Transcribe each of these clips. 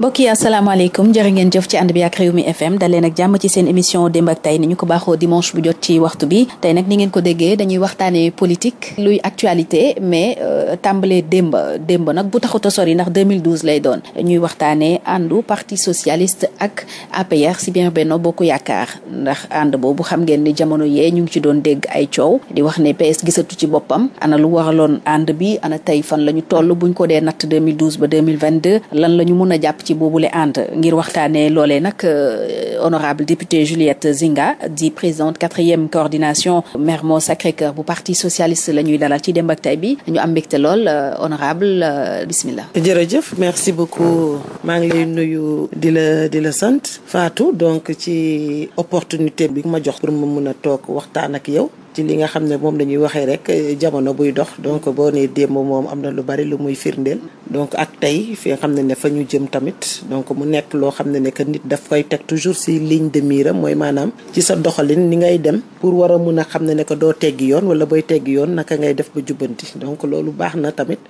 mbokk yi asalaamaaleykum jërë ngeen jëf ci ànd bi ak Rewmi FM daleen ak jàmm ci seen émission démb ak tay ni ñu ko baaxoo dimanche bu jot ci waxtu bi tey nag ni ngeen ko déggee waxtaanee politique luy actualité mais euh, tàmbalee démb démb nag bu taxut a sori ndax 2012 lay doon ñuy waxtaanee àndu parti socialist ak APR si bien Benno Bokk Yaakaar ndax ànd boobu xam ngeen ni jamono yee ñu ngi ci doon dégg ay coow di wax ne PS gisatu ci boppam ana lu waraloon ànd bi ana tey fan la ñu toll buñ ko dee natt 2012 ba 2022 lan la ñu mun a jàpp boobu le ànd ngir waxtaanee loolee nag euh, honorable député Juliette Zinga di présidente quatrième coordination Mermoz Sacré-Cœur bu parti socialiste la ñuy dalal ci Demb ak Tay bi ñu am mbégte lool euh, honorable euh, bismillah jërëjëf merci beaucoup maa ngi lay nuyu di la di la sant Fatou donc ci opportunité bi ma jox pour ma mun a toog waxtaan ak yow ci li nga xam ne moom dañuy waxee rek eh, jamono buy dox donc boo nee démb moom am na lu bari lu muy firndeel. donc ak tey fi nga xam ne ne fa ñu jëm tamit donc mu nekk loo xam ne ne que nit daf koy teg toujours si ligne de mire mooy maanaam ci sa doxalin ni ngay dem pour war a mun a xam ne ne que doo teggi yoon wala booy teggi yoon naka ngay def ba jubbanti donc loolu baax na tamit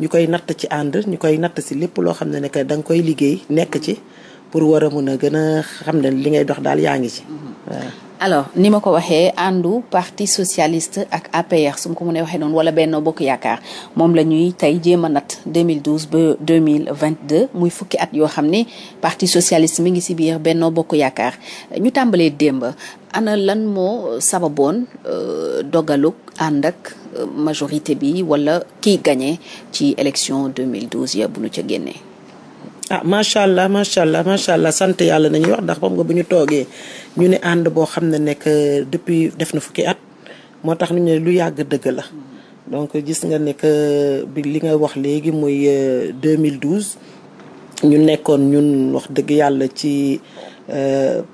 ñu koy natt ci ànd ñu koy natt si lépp loo xam ne ne danga koy liggéey nekk ci pour war a mun a gën a xam ne li ngay dox daal yaa ngi ci mm-hmm. waaw. alors ni ma ko waxee àndu parti socialiste ak APR su ma ko mënee waxee noonu wala Benno Bokk Yaakaar moom la ñuy tey jéem a nat 2012 ba 2022 muy fukki at yoo xam ni parti socialiste mi ngi si biir Benno Bokk Yaakaar ñu tàmbalee démb ana lan moo sababoon euh, dogaluk ànd ak euh, majorité bi wala kiy gagné ci élection 2012 ya bu ñu ca génnee. ah macha allah macha allah macha allah sant yàlla nañuy wax ndax moom nga bu ñu toogee ñu ne ànd boo xam ne nekk euh, depuis def na fukki at moo tax ñu ne lu yàgg dëgg la. donc gis nga ne que euh, bi li nga wax léegi muy 2012 euh, ñu nekkoon ñun wax dëgg yàlla ci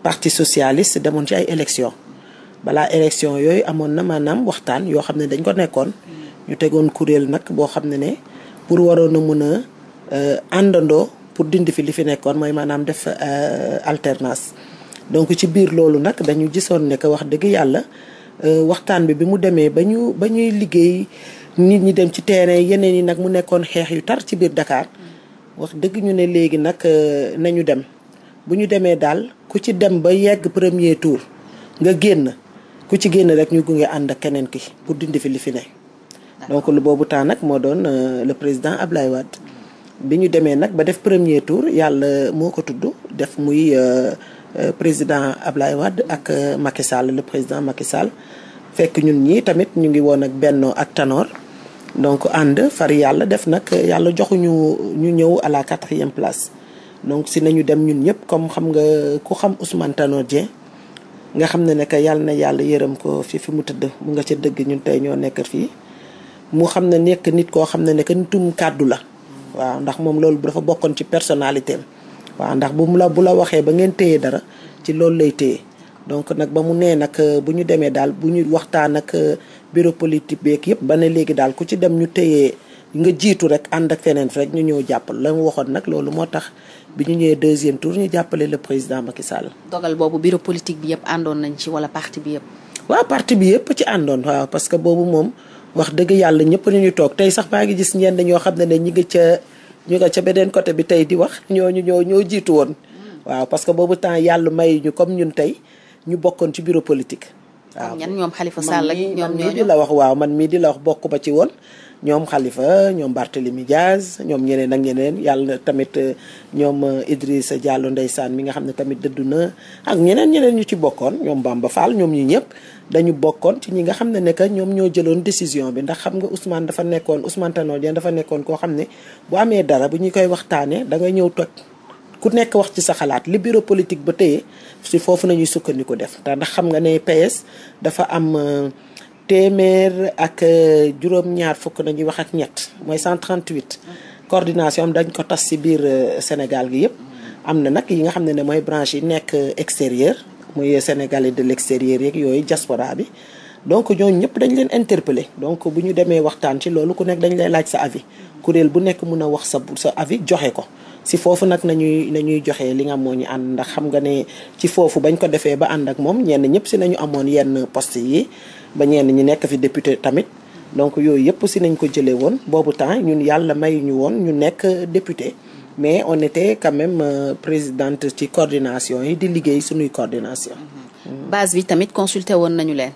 parti socialiste demoon ci ay élections. balaa élection yooyu amoon na maanaam waxtaan yoo xam ne dañ ko nekkoon ñu tegoon kuréel nag boo xam ne ne pour waroon a mun a àndandoo pour dindi fi li fi nekkoon mooy maanaam def euh, alternance donc ci biir loolu nag dañu jisoon ne que wax dëgg yàlla euh, waxtaan bi bi mu demee ba ñu ba ñuy liggéey nit ñi dem ci terrain yeneen yi nag mu nekkoon xeex yu tar ci biir dakaar wax dëgg ñu ne léegi nag euh, nañu dem bu ñu demee daal ku ci dem ba yegg premier tour nga génn ku ci génn rek ñu gunge ànd ak keneen ki pour dindi fi li fi ne donc lu boobu temps nag moo doon le président Ablaye Wade bi ñu demee nag ba def premier tour yàlla moo ko tudd def muy euh, euh, président Ablaye Wade ak euh, Macky Sall le président Macky Sall fekk ñun ñii tamit ñu ngi woon ak Benno ak Tanor donc ànd far yàlla def nag yàlla joxuñu ñu ñëw à la quatrième place donc si nañu dem ñun ñëpp comme xam nga ku xam Ousmane Tanor Dieng nga xam ne ne que yàlla na yàlla yërëm ko fi fi mu tëdd mu nga ca dëgg ñun tey ñoo nekk fii mu xam ne nekk nit koo xam ne ne que nitum kàddu la waaw ndax moom loolu dafa bokkoon ci personnalité waaw ndax bu mu la bu la waxee ba ngeen téye dara ci loolu lay téye donc nag ba mu nee nag euh, bu ñu demee daal bu ñu waxtaan ak euh, bureau politique beeg yëpp ba ne léegi daal ku ci dem ñu téyee nga jiitu rek ànd ak feneen rek ñu ñëw jàppal la mu waxoon nag loolu moo tax bi ñu ñëwee deuxième tour ñu jàppale le président Macky Sall. dogal boobu bureau politique bi yëpp àndoon nañ ci wala parti bi yëpp. waaw parti que boobu moom. wax dëgg yàlla ñëpp nañu toog tey sax maa ngi gis ñenn dañoo xam ne ne ñi nga ca ñu nga ca beneen côté bi tey di wax ñooñu ñoo ñoo jiitu woon. waaw parce que boobu temps yàlla may ñu comme ñun tey ñu bokkoon ci bureau politique. waaw ñan ñoom xalifa Sall ak ñoom mii di la wax waaw man mii di wax bokk ba ci woon. ñoom Khalifa ñoom Barthélemy Diaz ñoom ñeneen ak ñeneen yàlla tamit ñoom uh, Idrissa Diallo ndeysaan mi nga xam ne tamit dëddu na ak ñeneen ñeneen ñu ci bokkoon ñoom Bamba Fall ñoom ñi ñëpp. dañu bokkoon ci ñi nga xam ne ne que ñoom ñoo jëloon décision bi ndax xam nga Ousmane dafa nekkoon Ousmane Tanor dafa nekkoon koo xam ne bu amee dara bu ñu koy waxtaanee da ngay ñëw toj ku nekk wax ci sa xalaat li bureau politique ba téye si foofu nañuy sukkandiku def ndax xam nga ne PS dafa am euh, téeméer ak euh, juróom-ñaar fukk nañuy wax ak ñett mooy 138. coordination am dañ ko tas si biir euh, Sénégal gi yëpp. am na nag yi nga xam ne ne mooy branche yi nekk extérieur muy sénégalais de l'extérieur yeeg yooyu diaspora bi donc ñooñu ñëpp dañ leen interpeller donc bu ñu demee waxtaan ci loolu ku nekk dañ lay laaj sa avis kuréel bu nekk mun a wax sa sa avis joxe ko si foofu nag nañuy nañuy joxe li nga moo ñu ànd ndax xam nga ne ci foofu bañ ko defee ba ànd ak moom ñenn ñëpp si nañu amoon yenn poste yii ba ñenn ñi nekk fi député tamit donc yooyu yëpp si nañ ko jëlee woon boobu temps ñun yàlla mayuñu woon ñu nekk député mais on était quand même euh, présidente ci coordination yi di liggéey suñuy coordination mhm. base bi tamit consulté woon nañu leen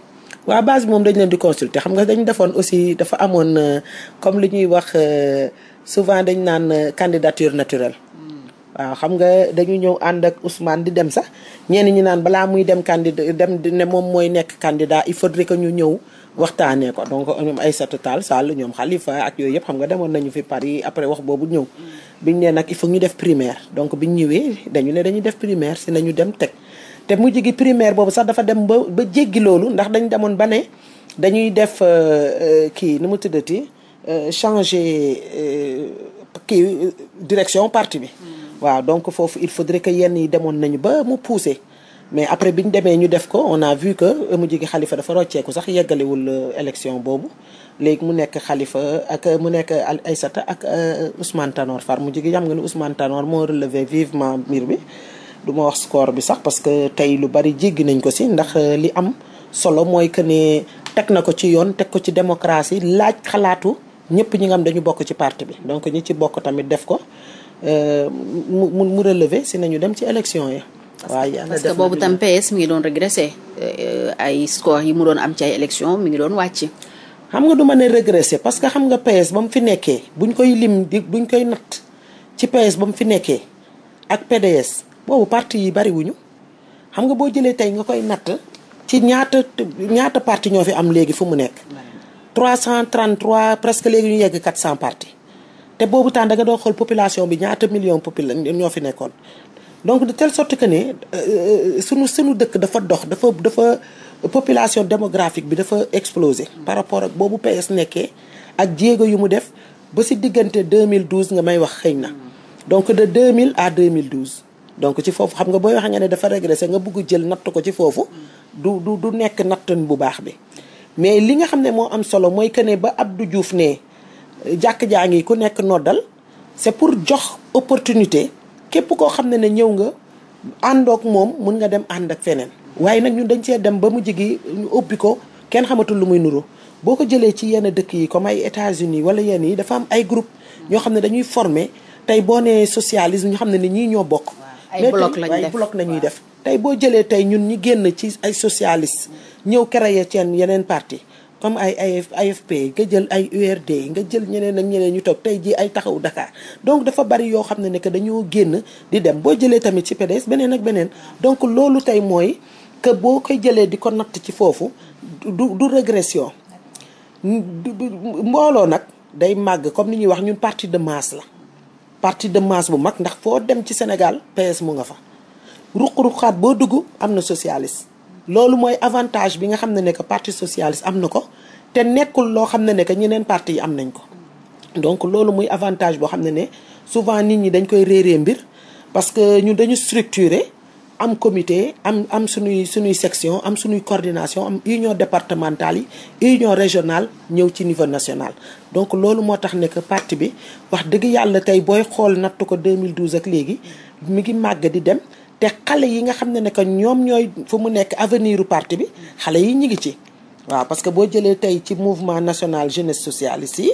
waaw base moom dañ leen di consulter xam nga dañ defoon aussi dafa amoon euh, comme li ñuy wax euh, souvent dañ naan euh, candidature naturelle hmm. waaw xam nga dañu ñëw ànd ak Ousmane di dem sax ñenn ñi naan balaa muy dem candidat dem ne moom mooy nekk candidat il faudrait que ñu ñëw waxtaanee ko donc ñoom Aïssata Tall Sall ñoom Khalifa ak yooyu yëpp xam nga demoon nañu fi Paris après wax boobu ñëw mm. biñ nee nag il faut ñu def primaire donc biñ ñëwee dañu ne dañuy def primaire si nañu dem teg te mu jigi primaire boobu sax dafa dem ba ba jéggi loolu ndax dañ demoon ba ne dañuy def euh, euh, kii nu mu tuddati euh, changer kii direction parti bi mm. waaw donc foofu il faudrait que yenn yi demoon nañu ba mu pousser mais après bi ñu demee ñu def ko on a vu que mu gi xalifa dafa rocceeku sax yeggalewul euh, élection boobu léegi mu nekk xalifa ak euh, mu nekk ay sata ak euh, Ousmane Tanor Far mu gi xam nga ni Ousmane Tanor moo relevé vivement mbir bi du ma wax score bi sax parce que tey lu bari jéggi nañ ko si ndax li am solo mooy que ne teg na ko ci yoon teg ko ci démocratie laaj xalaatu ñëpp ñi nga xam dañu bokk ci parti bi donc ñi ci bokk tamit def ko mu mu relevé si nañu dem ci élection yi waaw yàlla parce que boobu tam PS mi ngi doon régressé euh, ay score yi mu doon am ci ay élection mi ngi doon wàcc. xam nga du ma ne régressé parce que xam nga PS ba fi nekkee buñ koy lim di buñ koy natt ci PS ba fi nekkee ak PDS boobu parti yi bariwuñu xam nga boo jëlee tey nga koy natt ci ñaata ñaata parti ñoo fi am léegi fu mu nekk. trent 333 presque léegi ñu yegg 400 parti te boobu temps da nga xool population bi ñaata million population ñoo fi nekkoon donc de telle sorte que ne euh, euh, sunu sunu dëkk dafa dox dafa dafa population démographique bi dafa explosé par rapport ak boobu PS nekkee ak jéego yu mu def ba si diggante 2012 nga may wax xëy na donc de 2000 à 2012 donc ci foofu xam nga booy wax nga ne dafa régressé nga bugg jël natt ko ci foofu du du nekk nattan bu baax bi mais li nga xam ne moo am solo mooy que ne ba Abdou Diouf ne jàkk jaa ngi ku nekk noddal c'est pour jox opportunité képp koo xam ne ne ñëw nga àndook moom mun nga dem ànd ak feneen waaye nag ñun dañ see dem ba mu jigi ñu ubbi ko kenn xamatul lu muy nuru boo ko jëlee ci yenn dëkk yi comme ay États-Unis wala yenn yi dafa am ay groupe ñoo xam ne dañuy former tey boo nee socialisme ñu xam ne ni ñii ñoo bokk ay bloc lañ def ay bloc def tey boo jëlee tey ñun ñi génn ci ay socialiste ñëw créer seen yeneen partie comme ay AF AFP nga jël ay URD nga jël ñeneen ak ñeneen ñu toog tey jii ay taxawu Dakar donc dafa bari yoo xam ne ne que dañoo génn di dem boo jëlee tamit ci PDS beneen beneen donc loolu tey mooy que boo koy jëlee di ko natt ci foofu du du régression mbooloo nag day màgg comme ni ñuy wax ñun partie de masse la parti de masse bu mag ndax foo dem ci Sénégal PS mu nga fa ruq-ruqaat boo dugg am na socialiste loolu mooy avantage bi nga xam ne ne que parti socialiste am na ko te nekkul loo xam ne ne que ñeneen parti yi am nañ ko donc loolu muy avantage boo xam ne ne souvent nit ñi dañ koy réeree mbir parce que ñu dañu structuré am comité am am suñuy suñuy section am suñuy coordination union départementale yi union régionale ñëw ci niveau national donc loolu moo tax ne que parti bi wax dëgg yàlla tey booy xool nattu ko 2012 ak léegi mi ngi màgg di dem te xale yi nga xam ne ne que ñoom ñooy fu mu nekk avenir u bi xale yi ñu ngi ci waaw parce que boo jëlee tey ci mouvement national jeunesse socialiste yi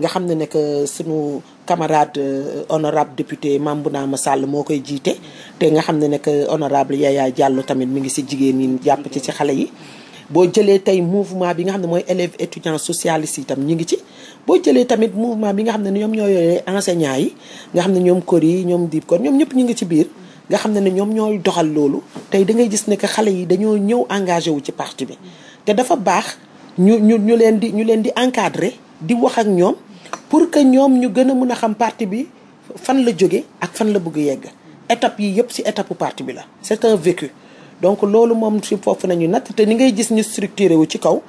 nga xam ne ne que sunu camarade euh, honorable député Mambounama Sall moo koy jiite te nga xam ne ne que honorable Yaya Diallo tamit mu ngi si jigéen ñi jàpp ci ci xale yi boo jëlee tey mouvement bi nga xam ne mooy élève étudiants socialistes yi tam ñu ngi ci boo jëlee tamit mouvement bi nga xam ne ñoom ñoo yore yi nga xam ne ñoom kor yi ñoom diib kon ñoom ñëpp ñu ngi ci biir nga xam ne ne ñoom ñooy doxal loolu tey da ngay gis ne que xale yi dañoo ñëw engagé wu ci parti bi te dafa baax ñu ñu ñu leen di ñu leen di encadrer di wax ak ñoom pour que ñoom ñu gën a mën a xam parti bi fan la jóge ak fan la bugg yegg étape yi yëpp si étape parti bi la c'est un donc loolu moom si foofu nañu natt te ni ngay gis ñu structurer wu ci kaw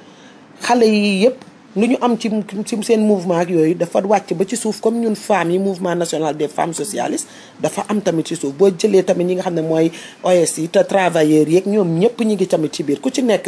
xale yi yëpp lu ñu am ci ci seen mouvement ak yooyu dafa wàcc ba ci suuf comme ñun femmes yi mouvement national des femmes socialistes dafa am tamit ci suuf boo jëlee tamit ñi nga xam ne mooy OS yi te travailleurs yeeg ñoom ñëpp ñu ngi tamit ci biir ku ci nekk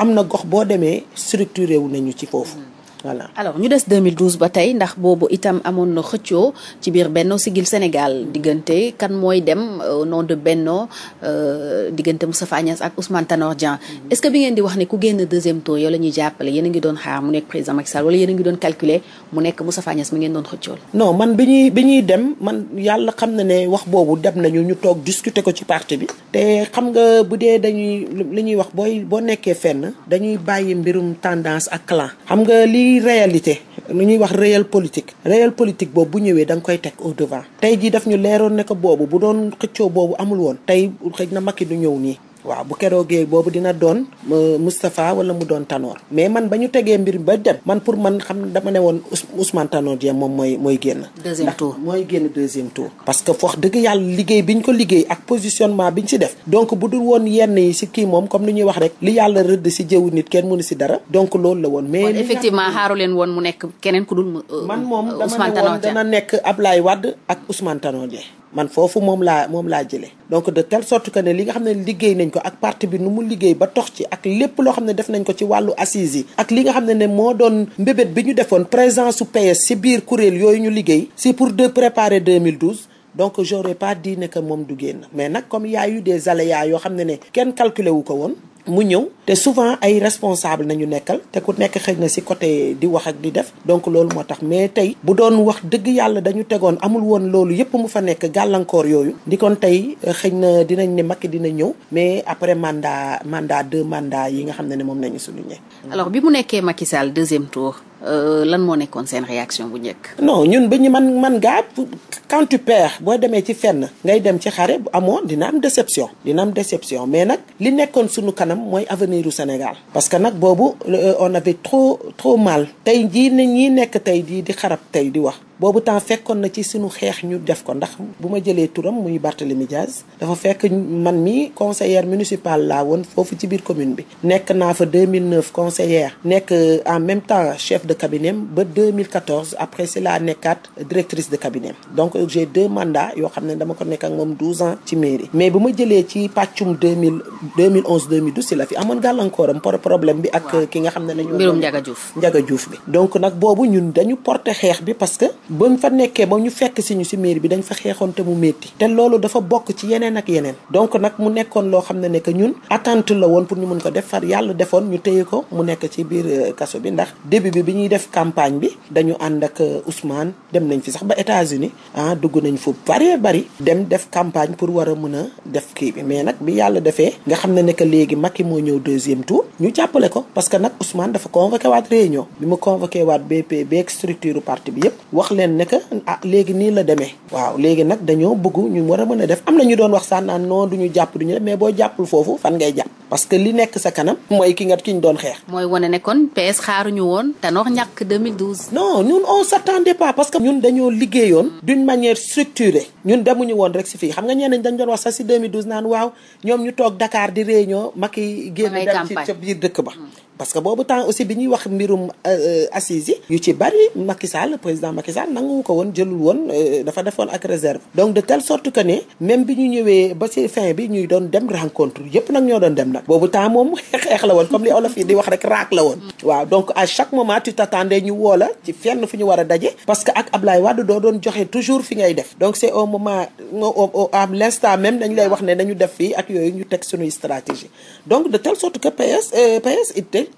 am na gox boo demee structuré wu nañu ci foofu voilà alors ñu des 2012 ba tey ndax boobu itam amoon na xëccoo ci biir Benno Siggil Sénégal diggante kan mooy dem au euh, nom de Benno euh, diggante Moustapha Niasse ak Ousmane Tanor Dieng mm-hmm. est-ce que bi ngeen di wax ne ku génn deuxième tour yow la jàppale yéen a ngi doon xaar mu nekk président Macky Sall wala yéen a ngi doon calculer mu nekk Moustapha Niasse mi ngeen doon xëccool non man bi ñuy dem man yàlla xam na ne wax boobu dem nañu ñu toog discuter ko ci parti bi te xam nga bu dee dañuy li ñuy wax booy boo nekkee fenn dañuy bàyyi mbirum tendance ak clan luy réalité lu ñuy wax réel politique réel politique boobu bu ñëwee da nga koy teg au van tey jii daf ñu leeroon ne ko boobu bu doon xëccoo boobu amul woon tey xëj na yi du ñëw nii waaw bu keroogee boobu dina doon euh, mustafa wala mu doon tanoor mais man ba ñu tegee mbir ba dem man pour man xam dama ne woon Ousmane Tanor Dieng moom mooy mooy génn. deuxième tour mooy génn deuxième tour. parce que wax dëgg yàlla liggéey bi ko liggéey ak positionnement bi ñu si def donc bu dul woon yenn si kii moom comme ni ñuy wax rek li yàlla rëdd si jëwu nit kenn mënu si dara donc loolu la woon. mais effectivement xaaru leen woon mu nekk keneen ku dul. Euh, man moom euh, dama ne woon dana nekk Ablaye Wade ak Ousmane Tanor Dieng. man foofu moom laa moom laa jëlee donc de telle sort que ne li nga xam ne liggéey nañ ko ak parti bi nu mu liggéey ba tox ci ak lépp loo xam ne def nañ ko ci wàllu assise yi ak li nga xam ne ne moo doon mbébét bi ñu defoon présent su PS si biir kuréel yooyu ñu liggéey si pour de préparer 2012 donc j'aurais pas dit ne que moom du génn mais nag comme y a eu des aléas yoo xam ne ne kenn calculé wu ko woon mu ñëw te souvent ay responsable nañu nekkal te ku nekk xëy na si côté di wax ak di def donc loolu moo tax mais tey bu doon wax dëgg yàlla dañu tegoon amul woon loolu yëpp mu fa nekk gàllankoor yooyu ndi kon tey euh, xëy na dinañ ne Macky dina ñëw mais après mandat mandat deux mandat yi nga xam ne ne moom nañu souligné alors bi mu nekkee Macky Sall deuxième tour euh, lan moo nekkoon seen réaction bu njëkk non ñun ba ñu man man gaa quand tu perds boo demee ci fenn ngay dem ci xare bu amoon dina am déception dina mais nag amiru Sénégal parce que nag boobu euh, on avait trop trop mal tey jii ne ñi nekk tey jii di xarab tey di wax boobu temps fekkoon na ci suñu xeex ñu def ko ndax bu ma jëlee turam muy Barthélemy Diaz dafa fekk man mi conseillère municipale laa woon foofu ci biir commune bi nekk naa fa 2009 conseillère nekk euh, en même temps chef de cabinet ba 2014 après si laa nekkaat directrice de cabinet donc j'ai deux mandats yoo xam ne dama ko nekk ak moom 12 ans ci mairie mais bu ma jëlee ci mil pàccum 2000 2011 2012 si la fi amoon gàllankooram par problème bi ak ki nga xam ne nañu mbirum Ndiaga Diouf Ndiaga Diouf bi donc nag boobu ñun dañu porter bi parce que ba ñu fa nekkee ba ñu fekk si ñu si mairie bi dañ fa xeexoon te mu métti te loolu dafa bokk ci yeneen ak yeneen donc nag mu nekkoon loo xam ne ne que ñun attente la woon pour ñu mun ko def far yàlla defoon ñu téye ko mu nekk ci biir euh, kaso bi ndax début bi bi ñuy def campagne bi dañu ànd ak euh, Ousmane dem nañ fi sax ba états uni ah dugg nañ fu bari bari dem def campagne pour war a mën a def kii bi mais nag bi yàlla defee nga xam ne ne que léegi Macky moo ñëw deuxième tour ñu jàppale ko parce que nag Ousmane dafa convoqué waat réunion bi mu convoqué waat BP beeg structure parti bi yëpp leen ne que ah léegi nii la demee waaw léegi nag dañoo bëgg ñu war a mën a def am na ñu doon wax sax naan non duñu jàpp duñu def mais boo jàppul foofu fan ngay jàpp parce que li nekk sa kanam mooy ki nga ki ñu doon xeex mooy wane ne kon PS xaaruñu woon Tanor ñàkk 2012 non ñun on s'attendait pas parce que ñun dañoo liggéeyoon d'une manière structurée ñun demuñu woon rek si fii xam nga ñeneen dañ doon wax sax si 2012 naan waaw ñoom ñu toog Dakar di réunion Macky génn dem ci ca biir dëkk ba mm. parce que boobu temps aussi bi ñuy wax mbirum euh, assises yi yu ci bari Macky Sall président Macky nangu ko woon jëlul woon euh, dafa defoon ak réserve donc de telle sorte que ne même bi ñu ñëwee ba ci fin bi ñuy doon dem rencontre yëpp nag ñoo doon dem nag boobu temps moom xeex la woon comme li olof yi di wax rek raak la woon mm. waaw donc à chaque moment tu t'attendais ñu woo la ci fenn fu ñu war daje parce que ak Ablaye Wade doo doon joxe toujours fi ngay def donc c'est au moment à l'instant même dañ lay wax ne nañu def fii ak yooyu ñu teg suñuy stratégie donc de telle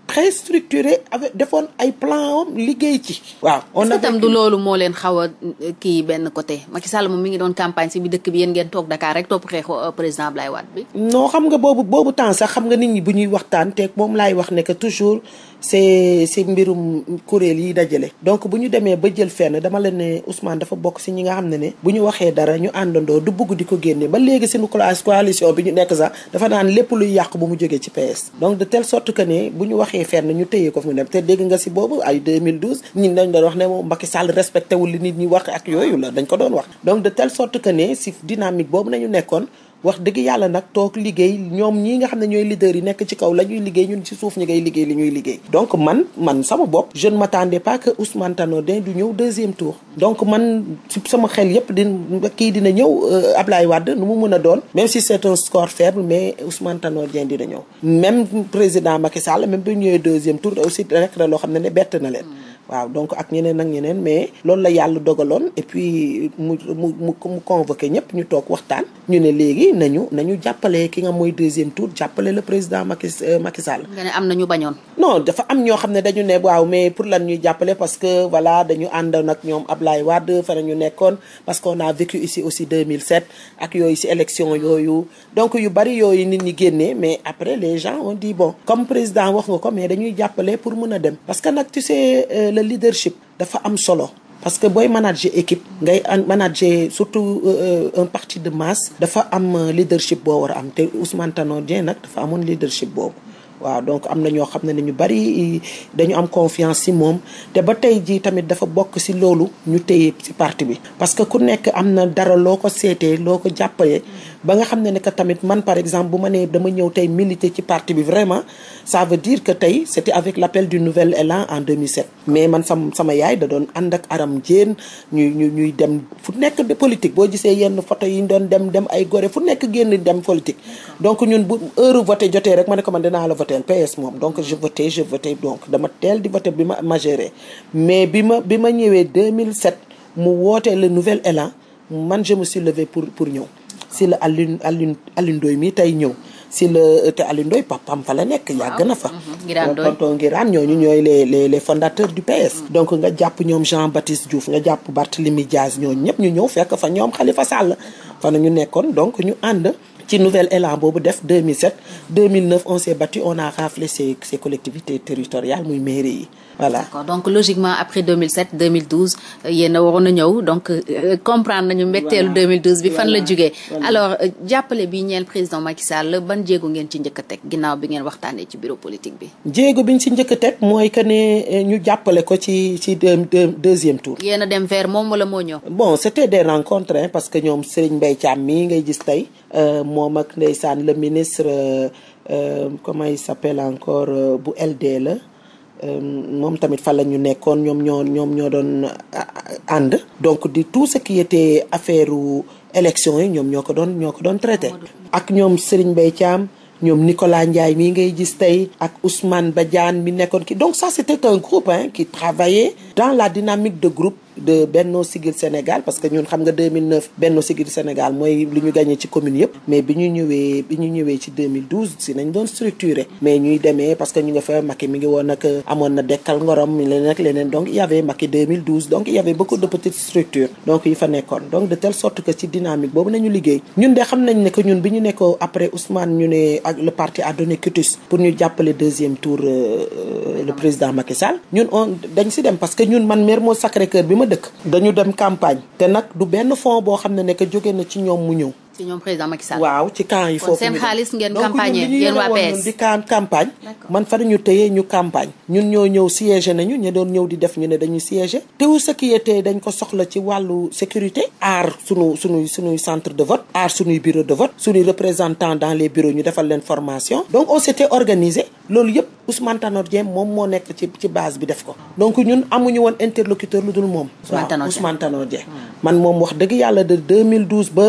très structuré avec defoon ay plan am liggéey ci. waaw on a tam du loolu moo leen xaw a euh, kii benn côté Macky Sall moom mi ngi doon campagne si bi dëkk bi yéen ngeen toog Dakar rek topp xeexu euh, président Abdoulaye Wade bi. non xam nga boobu boobu temps sax xam nga nit ñi bu ñuy waxtaan teeg moom laay wax ne que toujours. c'est c'est mbirum kuréel yi dajale donc bu ñu demee ba jël fenn dama la ne Ousmane dafa bokk si ñi nga xam ne ne bu ñu waxee dara ñu àndandoo du bugg di ko génne ba léegi seen coalition bi ñu nekk sax dafa naan lépp luy yàq bu mu jógee ci PS donc de telle sorte que bu ñu waxee fenn ñu téye ko fu mu dem te dégg nga si boobu ay 2012 ñun dañ doon wax ne moom Macky Sall respecté wul li nit ñi wax ak yooyu la dañ ko doon wax donc de telle sorte que ne si dynamique boobu nañu nekkoon wax dëgg yàlla nag toog liggéey ñoom ñii nga xam ne ñooy leaders yi nekk ci kaw lañuy liggéey ñun ci suuf ñi ngay liggéey li ñuy liggéey donc man man sama bopp je ne m'attendais pas que Ousmane Tanordin du ñëw deuxième tour donc man ci sama xel yépp di kii dina ñëw euh, Ablaye Wade nu mu mën a doon même si c'est un score faible mais Ousmane Tanordin dina ñëw même président Macky Sall même bu ñëwee deuxième tour aussi rek na loo xam ne ne bett na leen waaw donc ak ñeneen ak ñeneen mais loolu la yàlla dogaloon et puis mu mu mu mu convoqué ñëpp ñu toog waxtaan ñu ne léegi nañu nañu jàppale ki nga mooy deuxième tour jàppale le président Macky euh, Macky Sall. nga ne am na ñu bañoon. non dafa am ñoo xam ne dañu ne waaw mais pour lan ñuy jàppale parce que voilà dañu àndoon ak ñoom Ablaye Wade fa ñu nekkoon parce qu'on a vécu ici aussi 2007 ak yooyu si élection yooyu donc yu bari yooyu nit ñi génnee mais après les gens ont dit bon comme président nga ko mais dañuy jàppale pour mun a dem le leadership dafa am solo parce que booy manager équipe ngay manager surtout euh, euh, un partie de masse dafa am euh, leadership boo war a am te Ousmane Tanor nag dafa amoon leadership boobu waaw donc am na ñoo xam ne ñu bari dañu am confiance ci moom te ba tey jii tamit dafa bokk ci loolu ñu téye ci partie bi parce que ku nekk am na dara loo ko seetee loo ko jàppalee ba nga xam ne ne que tamit man par exemple bu ma nee dama ñëw tey militer ci parti bi vraiment ça veut dire que tey c'était avec l'appel du nouvel élan en 2007 mais man sam sama yaay da doon ànd ak aram jéen ñuy ñu ñuy dem fu nekk de politique boo gisee yenn photo yi ñu doon dem dem ay gore fu nekk génn dem politique donc ñun bu heure voté jotee rek ma ne ko man dinaa la voté PS moom donc je voté je voté donc dama teel di voté bi ma majoré mais bi ma bi ma ñëwee 2007 mu wootee le nouvel élan man je me suis pour pour ñëw si la allin allin Alioune Ndoye mi tey ñëw si la te Alioune Ndoye papam fa la nekk yàgg na fa mm-hmm. euh, tonton Ngiraan ñooñu ñooy les les les fondateurs du PS mm-hmm. donc nga jàpp ñoom Jean Baptiste Diouf nga jàpp Barthélemy Diaz ñooñu ñëpp ñu ñëw fekk fa ñoom Khalifa Sall fa na ñu nekkoon donc ñu ànd ci nouvel élan boobu def 2007 2009 on s'est battu on a raflé ces ces collectivités territoriales muy mairie yi voilà d'accord donc logiquement après 2007 2012 euh, yéen a waroon ñëw donc euh, euh, comprendre nañu mbetteelu 2012 bi fan la jugee alors jàppale bi ñeen président Macky Sall ban jéego ngeen ci njëkk a teg ginnaaw bi ngeen waxtaanee ci bureau politique bi jéego biñ ci njëkk teg mooy que ne ñu jàppale ko ci ci deuxième tour yéen a dem vers moom wala moo ñëw bon c'était des rencontres hein, parce que ñoom Serigne Mbaye Thiam mii ngay gis tey moom ak ndeysaan le ministre euh, comment il s'appelle encore bu LD la Euh, moom tamit fa la ñu nekkoon ñoom ñoo ñoom ñoo doon ànd donc di tout ce qui était affaire élection yi ñoom ñoo ko doon ñoo ko doon traité ak ñoom Serigne Mbaye Thiam ñoom Nicolas njaay mii ngay gis tey ak ba Badiane mi nekkoon ki donc ça c'était un groupe hein qui travaillait dans la dynamique de groupe de Benno Siggil Sénégal parce que ñun xam nga Benno Siggil Sénégal mooy li ñu gagné ci commune yëpp mais bi ñu ñëwee bi ñu ñëwee ci si nañ doon structuré mais ñuy demee parce que ñu nga fa Macky mi ngi woon nag amoon na dekkal ngorom leneen ak leneen donc il y avait Macky 2012 donc il y avait beaucoup de petites structures donc yi fa nekkoon donc de telle sorte que ci dynamique boobu nañu liggéey ñun de xam nañ ne ñun bi ñu nekkoo après Ousmane ñu ne ak le parti a donné quitus pour euh, le président Macky Sall ñun on dañ si dem parce que ma dëkk dañu dem campagne te nag du benn fonds boo xam ne nekk jóge na ci ñoom mu ñëw ci ñoom président Macky Sall waaw ci camp yi foofu seen xaalis ngeen campagne man fa dañu téye ñu campagne ñun ñoo ñëw siégé nañu ñu doon ñëw di def ñu ne dañuy siégé tewu sécurité dañ ko soxla ci wàllu sécurité aar sunu sunuy sunuy centre de vote aar sunuy bureau de vote sunuy représentant dans les bureaux ñu defal leen formation donc on s'était loolu yëpp Ousmane Tanor moom moo nekk ci ci base bi def ko donc ñun amuñu woon interlocuteur lu dul moom waaw Ousmane Tanor Dieng hmm. man moom wax dëgg ba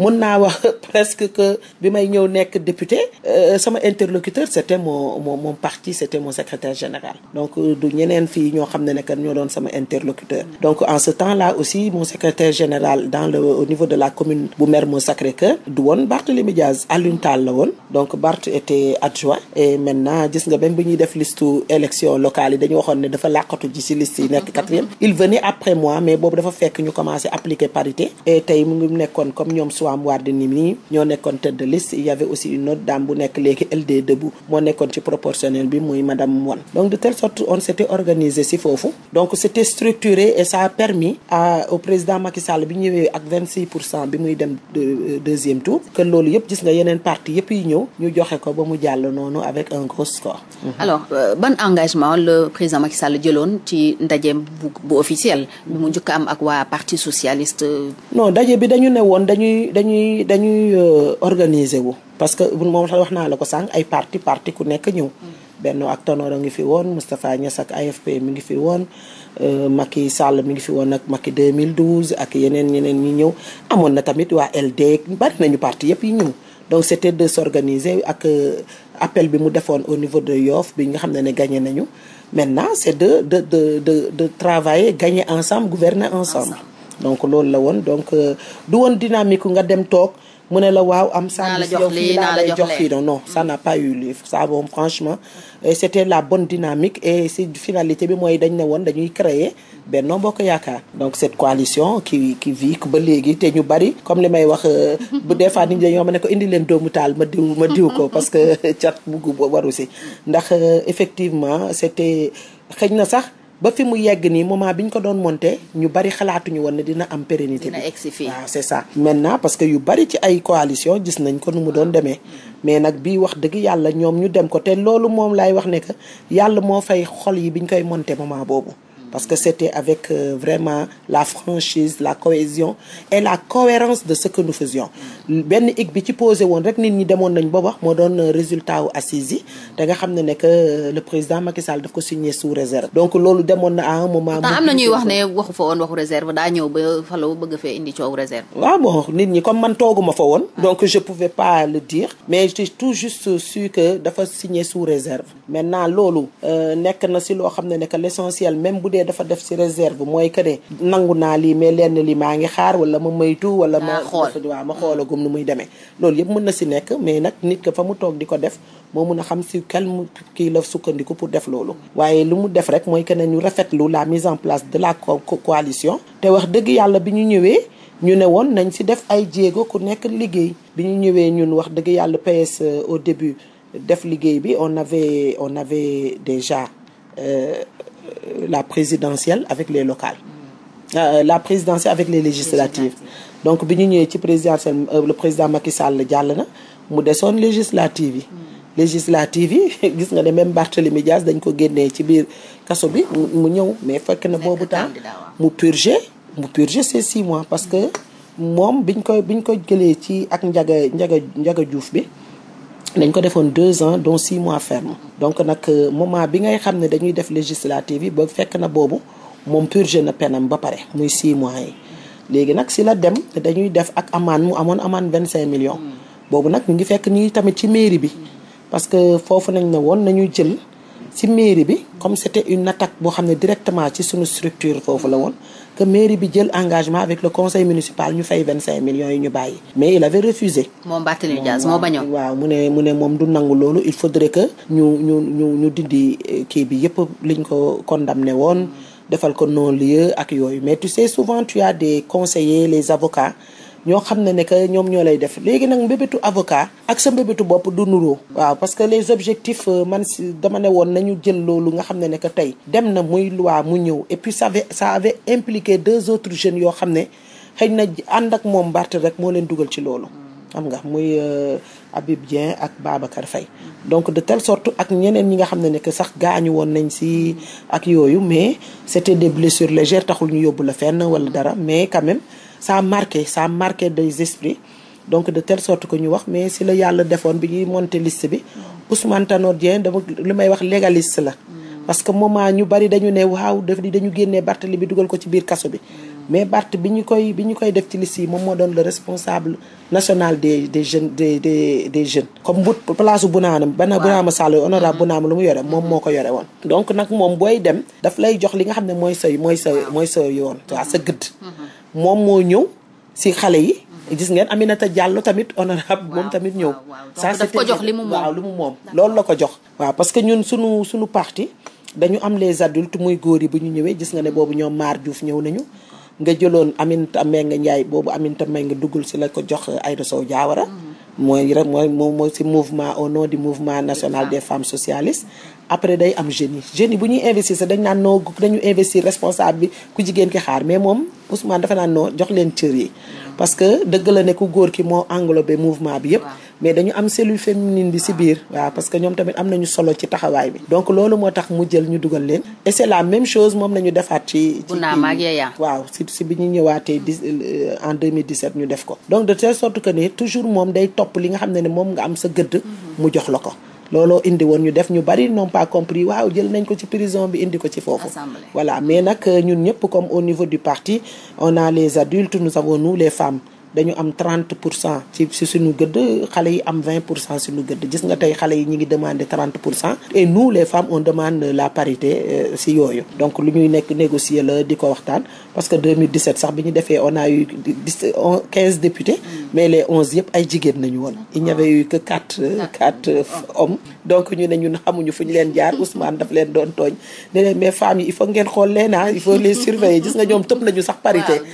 mun naa wax presque que bi may ñëw nekk député euh, sama interlocuteur c' était mon mon mon parti c' mon secrétaire général donc euh, du ñeneen fii ñoo xam ne ne ñoo doon sama interlocuteur donc en ce temps là aussi mon secrétaire général dans le au niveau de la commune bu Mermoz Sacré-Cœur du woon Barthélémy Diaz la woon donc Barth était adjoint et maintenant gis nga même bi ñuy def liste élection locale yi dañu waxoon ne dafa làqatu ji si liste yi nekk quatrième il venait après moi mais boobu dafa fekk ñu commencé appliquer parité et tey mu ngi ñoom Soham Wardini nii ñoo nekkoon tête de liste il y avait aussi une autre dame bu nekk léegi LD Debout moo nekkoon ci proportionnel bi muy madame Wan donc de telle sorte on s'était organisé si foofu donc c'était structuré et ça permis à au président Macky bi ñëwee ak 26 pour cent bi muy dem euh, tour que loolu yëpp gis nga yeneen parti yëpp yi ñëw ñu joxe ko ba mu jàll noonu avec un gros score mm-hmm. alors euh, ban engagement le président Macky Sall jëloon ci ndajeem bu bu officiel bi mu njëkk ak waa parti socialiste dañuy dañuy euh, organiser wu parce que moom wax naa la ko sànq ay parti parti ku nekk ñëw benn ak Tanor a ngi fi woon Moustapha Niass ak AFP mi ngi fi woon euh, Macky Sall mi ngi fi woon ak Macky 2012 ak yeneen ñeneen ñi ñëw amoon na tamit waa LD bari nañu parti yëpp yi ñëw donc c'était de s'organiser ak euh, appel bi mu defoon au niveau de Yoff bi nga xam ne ne gagné nañu maintenant c'est de de de de de travailler gagner ensemble gouverner ensemble donc loolu la woon donc euh, du woon dynamique nga dem toog mu ne la waaw am saa la jox lii jox fii non non ça mm. n'a pas eu lieu ça bon franchement euh, c'était la bonne dynamique et si finalité bi mooy dañ ne woon dañuy créer Benno Bokk Yaakaar donc cette coalition qui qui vit ba léegi te ñu bari comme li may wax euh, bu des fois nit ñi dañoo ma ne ko indi leen doomu taal ma diw ma diw ko parce que cat bugg waru si ndax effectivement c'était xëj na sax ba fi mu yegg nii moment bi ñu ko doon monté ñu bari xalaatuñu woon ne dina am pérennité bi waaw c'est ça maintenant parce que yu bari ci ay coalition gis nañ ko nu mu doon demee mais nag bii wax dëgg yàlla ñoom ñu dem ko te loolu moom lay wax ne yàlla moo fay xol yi bi ñu koy monté moment boobu parce que c'était avec euh, vraiment la franchise la cohésion et la cohérence de ce que nous faisions benn hic bi ci posé woon rek nit ñi demoon nañ ba wax moo doon euh, résultat wu assises yi te nga xam ne ne que euh, le président Macky Sall daf ko signer sous réserve donc loolu demoon na à un moment am na ñuy wax ne waxu fa woon waxu réserve daa ñëw ba falo bëgg fee indi coow réserve waaw bon nit ñi comme man tooguma fa woon donc je pouvais pas le dire mais j'étais tout dafa signé sous réserve maintenant loolu nekk na si loo xam ne ne que l'essentiel même bu dee dee dafa def si réserve mooy que nangu naa lii mais lenn lii maa ngi xaar wala ma moytu wala ma xool waaw ma xoolagum nu muy demee loolu yëpp mën na si nekk mais nag nit ka fa mu toog di ko def moo mun a xam si quel kii la sukkandiku pour def loolu waaye lu mu def rek mooy que ne ñu rafetlu la mise en place de la coalition te wax dëgg yàlla bi ñu ñëwee ñu ne woon nañ si def ay jéego ku nekk liggéey bi ñu ñëwee ñun wax dëgg yàlla PS euh, au début def liggéey bi on avait on avait euh, Euh, la présidentielle avec les locales euh, la présidentielle avec les législatives donc bi ñu ñëwee ci présidentielle euh, le président Macky Sall jàll na mu desoon législative yi hmm. législative yi gis nga ne même Barthélémy Dias dañ ko génnee ci biir kaso bi mu ñëw mais fekk na boobu temps mu purgé mu purgé ces six mois parce que moom biñ koy biñ ko jëlee ci ak njaga njaga njaga juuf bi dañ ko defoon deux ans dont six mois ferme donc nag euh, moment bi ngay xam ne dañuy def législative yi ba fekk na boobu moom purgé na penam ba pare muy six mois yi léegi nag si la dem dañuy def ak amende mu amoon amende vingt cinq million hmm. boobu nag mu ngi fekk ñuy tamit ci mairie bi parce que foofu nañ ne woon nañu jël ci mairie bi comme c'était une attaque boo xam ne directement ci suñu structure foofu la woon que mairie bi jël engagement avec le conseil municipal ñu fay vingt cinq millions yi ñu bàyyi mais il avait refusé moom Barthélémy Dias moo bañoon waaw mu ne mu ne moom du nangu loolu il faudrait que ñu ñu ñu ñu dindi euh, kii bi yëpp liñ ko condamné woon defal ko non lieu ak yooyu mais tu sais souvent tu as des conseillers les avocats ñoo xam ne ne que ñoom ñoo lay def léegi nag mbébétu avocat ak sa mbébétu bopp du nuroo waaw parce que les objectifs euh, man si dama ne woon nañu jël loolu nga xam ne ne que tey dem na muy loi mu ñëw et puis ça avait ça avait impliqué deux autres jeunes yoo xam ne xëy na ànd ak moom Barth rek moo leen dugal ci loolu xam nga muy euh, Habib bien ak Babacar Faye donc de telle sorte ak ñeneen ñi nga xam ne ne sax gaañu woon nañ si ak yooyu mais c'était des blessures légères taxul ñu yóbbu la fenn wala dara mais quand ça a marqué ça a marqué des esprits donc de telle sorte que ñu wax mais si la yàlla defoon bi ñuy monter list bi Ousmane Tanor Dieng dama li may wax légaliste la parce que moment ñu bari dañu ne waaw daf di dañu génnee Barthélémy bi dugal ko ci biir kaso bi mais Barth bi ñu koy bi ñu koy def ci liste yi moom moo doon le responsable national des des jeunes des des des jeunes comme bu place Bounama bana Bounama Sall honorable mm-hmm. Bounama lu mu yore moom moo ko yore woon mm-hmm. donc nag moom booy dem daf lay jox li nga xam ne mooy sa mooy sa mooy sa yoon waa sa gëdd mm-hmm. moom moo ñëw si xale yi. gis ngeen Aminata Diallo tamit honorable moom tamit ñëw. ça daf ko jox li mu moom waaw mu moom loolu la ko jox. waaw parce que ñun sunu sunu parti dañu am les adultes muy góor yi bu ñu ñëwee gis nga ne boobu ñoom maar Diouf ñëw nañu. nga jëloon Aminata Mbengue Ndiaye boobu aminta may nga duggul si la ko jox Aïda Sow Diawara. Mm-hmm. mooy rek mooy mooy si mouvement au nom du mouvement national des femmes socialistes. après day am jeunes yi jeunes yi bu ñuy investir sax dañ naan noo dañu investir responsable bi ku jigéen ki xaar mais moom Ousmane dafa naan noo jox leen cër yi mm. parce que dëgg la ne ku góor ki moo englobé mouvement bi yëpp mais dañu am cellule féminine si biir waaw parce que ñoom tamit am nañu solo ci taxawaay bi donc loolu moo tax mu jël ñu dugal leen et c'est la même chose moom la ñu defaat ci ci waaw si si bi ñu ñëwaatee di euh, en 2017 ñu def ko donc de telle sorte que ne toujours moom day topp li nga xam ne ne moom nga am sa gëdd mm-hmm. mu jox la ko looloo indi woon ñu def ñu bari n'ont pas compris waaw jël nañ ko ci prison bi indi ko ci foofu voilà mais nag euh, ñun ñëpp comme au niveau du parti on a les adultes nous avons nous les femmes dañu am 30 pour cent ci si suñu gëdd xale yi am 20 pour cent suñu gëdd gis nga tey xale yi ñu ngi demandé 30 pour cent et nous les femmes on demande la parité euh, si yooyu donc lu ñuy nekk négocier la di ko waxtaan parce que 2017 sax bi ñu defee on a eu 10 15 députés mm. mais les 11 yëpp ay jigéen nañu woon il n'y avait eu que 4 4 euh, euh, donc ñu ne ñun xamuñu fu ñu leen jaar Ousmane daf leen doon tooñ ne leen mais femmes yi il faut ngeen xool leen ah il faut les surveiller gis nga ñoom tëb nañu sax parité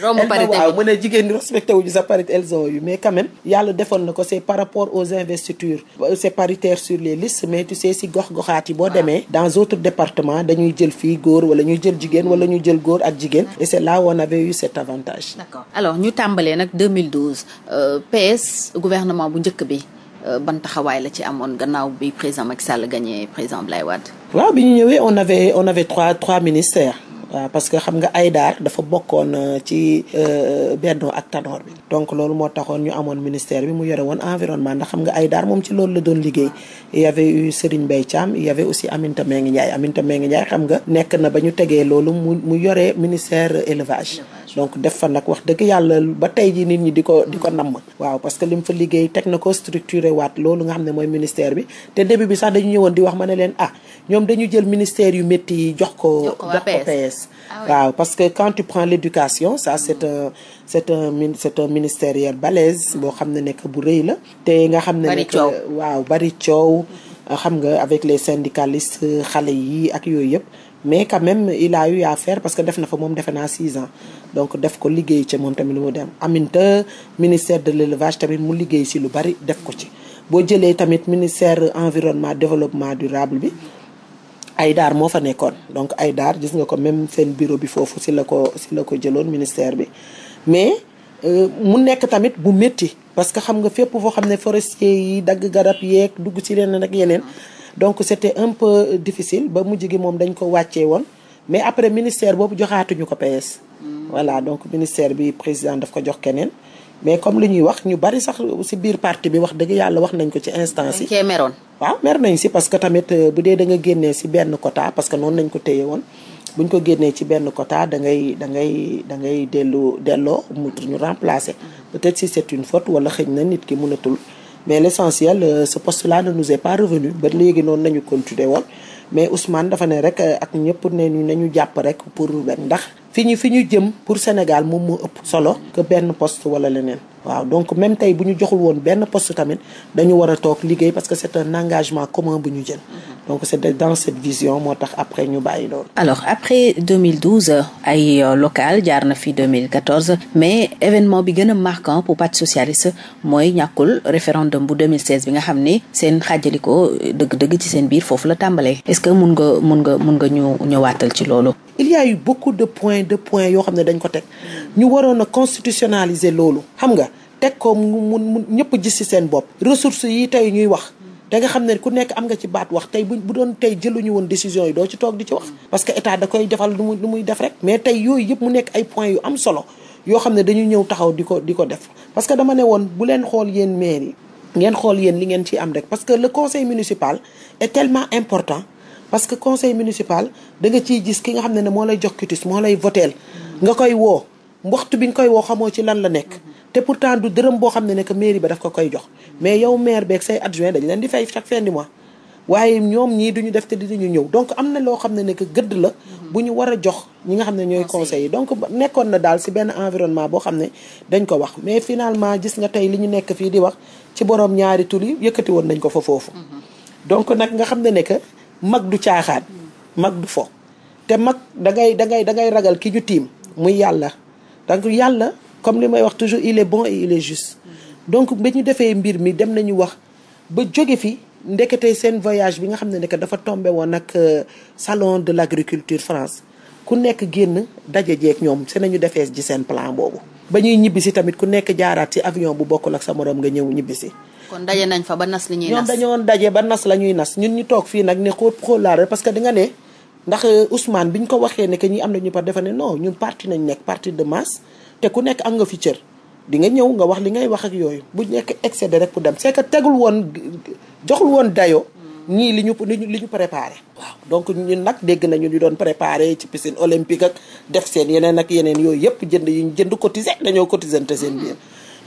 parité elles ont eu mais quand même yàlla defoon na ko c'est par rapport aux investitures c'est paritaire sur les listes mais tu sais si gox goxaat yi boo ah. demee dans autres départements dañuy jël fi góor wala ñuy jël jigéen wala ñuy jël góor ak jigéen et c'est là on avait eu cet avantage d'accord alors ñu tàmbalee nag 2012 euh, PS gouvernement bu njëkk bi euh, ban taxawaay la ci amoon gannaaw bi président Macky Sall gagné président Blaye Wade waaw bi ñu ñëwee on avait trois trois waaw parce que xam nga daar dafa bokkoon euh, ci euh, Benno ak Tanor bi donc loolu moo taxoon ñu amoon ministère bi mu yore woon environnement ndax xam nga Aydar moom ci loolu la doon liggéey il y avait eu Serigne Mbaye Thiam il y avait aussi Aminata Mbengue Ndiaye xam nga nekk na ba ñu tegee loolu mu mu yore ministère élevage donc def fa nag wax dëgg yàlla ba tey ji nit ñi di ko di ko nam ma waaw parce que li mu fa liggéey teg ko structuré waat loolu nga xam ne mooy ministère bi te début bi sax dañu ñëwoon di wax ma ne leen ah ñoom dañu jël ministère yu métti jox ko jox Ah waaw parce que quand tu prends l'éducation ça c'est un c'est un c'est un ministériel balèze boo xam ne nekk bu rëy la. te nga xam ne nekk waaw bari coow. xam nga avec les syndicalistes xale yi ak yooyu yëpp mais quand même il yu eu à parce que def na fa moom defe naa 6 ans donc def ko liggéey ci moom tamit lu mu dem aminta ministère de l'élevage tamit mu liggéey ci lu bari def ko ci. boo jëlee tamit ministère environnement développement durable bi. ay daar moo fa nekkoon donc ay daar gis nga ko même seen bureau bi foofu si la ko si la ko jëloon ministère bi mais euh, mu nekk tamit bu métti parce que xam nga fépp foo xam ne forestier yi dagg garab yeeg dugg ci leneen ak yeneen donc c'était un peu difficile ba mujj gi moom dañ ko wàccee woon mais après ministère boobu joxaatuñu ko PS hmm. voilà donc ministère bi président daf ko jox keneen mais comme li ñuy wax ñu bari sax ci biir parti bi wax dëgg yàlla wax nañ ko ci instance yi meroon waaw mer nañ ci parce que tamit euh, bu dee da nga génnee si benn quota parce que noonu nañ ko téye woon bu ñu ko génnee ci benn quota da ngay da da ngay dellu delloo mu ñu remplacer peut-être si c'est une faute wala xëñ na nit ki mënatul mais l'essentiel euh, ce postulat ne nous est pas revenu ba léegi noonu nañu continuer woon mais Ousmane dafa ne rek euh, ak ñëpp ne ñu nañu jàpp rek pour euh, ndax fi ñu fi ñu jëm pour Sénégal moom moo ëpp solo que benn post wala leneen waaw donc même tey bu ñu joxul woon benn post tamit dañu war a toog liggéey parce que c'est un engagement commun bu ñu jël mm-hmm. donc c'est dans cette vision moo tax après ñu bàyyi loolu alors après 2012 ay euh, local jaar na fi 2014 mais événement bi gën a marquant pour parti socialiste mooy ñàkkul référendum bu 2016 bi nga xam ni seen xaajalikoo euh, dëgg-dëgg ci seen biir foofu la tàmbalee est-ce que mun nga mun nga mun nga ñu ñëwaatal ci loolu il y beaucoup de points de point yoo xam ne dañ ko teg ñu waroon a constitutionnaliser loolu xam nga teg ko mu mu ñëpp gis ci seen bopp ressources yi tey ñuy wax da nga xam ne ku nekk am nga ci baat wax tey bu bu doon tey jëluñu woon décision yi doo ci toog di ci wax parce que état da koy defal lu muy lu muy def rek mais tey yooyu yëpp mu nekk ay points yu am solo yoo xam ne dañu ñëw taxaw di ko di ko def parce que dama ne woon bu leen xool yéen maire yi ngeen xool yéen li ngeen ci am rek parce que le conseil municipal etellement tellement important parce conseil municipal da nga ciy gis ki nga xam ne ne moo lay jox cutis moo lay voteel nga koy woo waxtu bi nga koy woo xamoo ci lan la nekk te pourtant du dërëm boo xam ne ne que mairie ba daf ko koy jox mais yow maire beeg say adjoint dañ leen di fay chaque fin du waaye ñoom ñii duñu def te dinañu ñëw donc am na loo xam ne ne que gëdd la bu ñu war a jox ñi nga xam ne ñooy conseil donc nekkoon na daal si benn boo xam ne dañ ko wax mais finalement gis nga tey li ñu nekk fii di wax ci borom ñaari tur yi yëkkati woon ko fa mm-hmm. donc nag nga xam ne ne que mag du caaxaan mag du fo te mag da ngay da ngay da ngay ragal ki ñu tiim muy yàlla donc yàlla comme li may wax toujours il est bon et il est juste donc bi ñu defee mbir mi dem nañu wax ba jóge fi ndekete seen voyage bi nga xam ne que dafa tombé woon ak euh, salon de l' agriculture France ku nekk génn daje jeeg ñoom se nañu defee ji seen plan boobu ba ñuy ñibbisi tamit ku nekk jaaraat ci avion bu bokkul ak sa morom nga ñëw ñibbisi kon daje nañ fa ba nas li ñuy nas daje ba nas la ñuy nas ñun ñu toog fii nag ne xóot xóolaare parce que di nga ne ndax euh, Ousmane bi ñu ko waxee ne que ñi am na ñu par defe ñun parti nañ nekk parti de masse te ku nekk am nga fi cër di nga ñëw nga wax li ngay wax ak yooyu bu nekk excédé rek pour dem c'est tegul woon joxul woon dayoo. ñii li ñu li ñu préparé. waaw donc ñun nag dégg nañu ñu doon préparé ci piscine olympique ak def seen yeneen ak yeneen yooyu yëpp jënd yi ñu jënd cotiser dañoo cotisante seen biir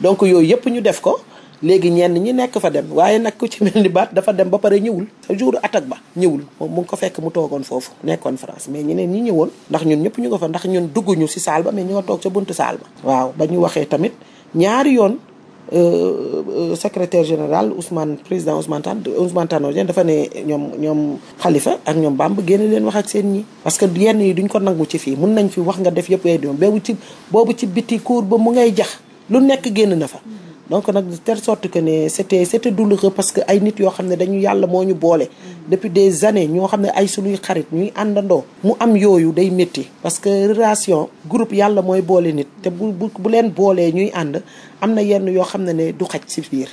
donc yooyu yëpp ñu def ko. léegi ñenn ñi nekk fa dem waaye nag ku ci mel ni baat dafa dem ba pare ñëwul sa jour attaque ba ñëwul moom mu ngi ko fekk mu toogoon foofu nekkoon France mais ñeneen ñi ñëwoon ndax ñun ñëpp ñu ko fa ndax ñun dugguñu si saal ba mais ñu nga toog ca buntu saal ba waaw ba ñu waxee tamit ñaari yoon euh, secrétaire général Ousmane président Ousmane Tan Ousmane Tanor Dieng dafa ne ñoom ñoom xalifa ak ñoom Bamba génn leen wax ak seen ñi parce que yenn yi duñ ko nangu ci fii mun nañ fi wax nga def yëpp yay doom boobu ci boobu ci biti cour ba mu ngay jax lu nekk génn na fa donc nag de telle sorte que ne c'était c'était douloureux parce que ay nit yoo xam ne dañu yàlla moo ñu boole. depuis des années ñoo xam ne ay suñuy xarit ñuy àndandoo. mu am yooyu day métti. parce que relation groupe yàlla mooy boole nit te bu bu bu leen boolee ñuy ànd am na yenn yoo xam ne ne du xaj ci biir.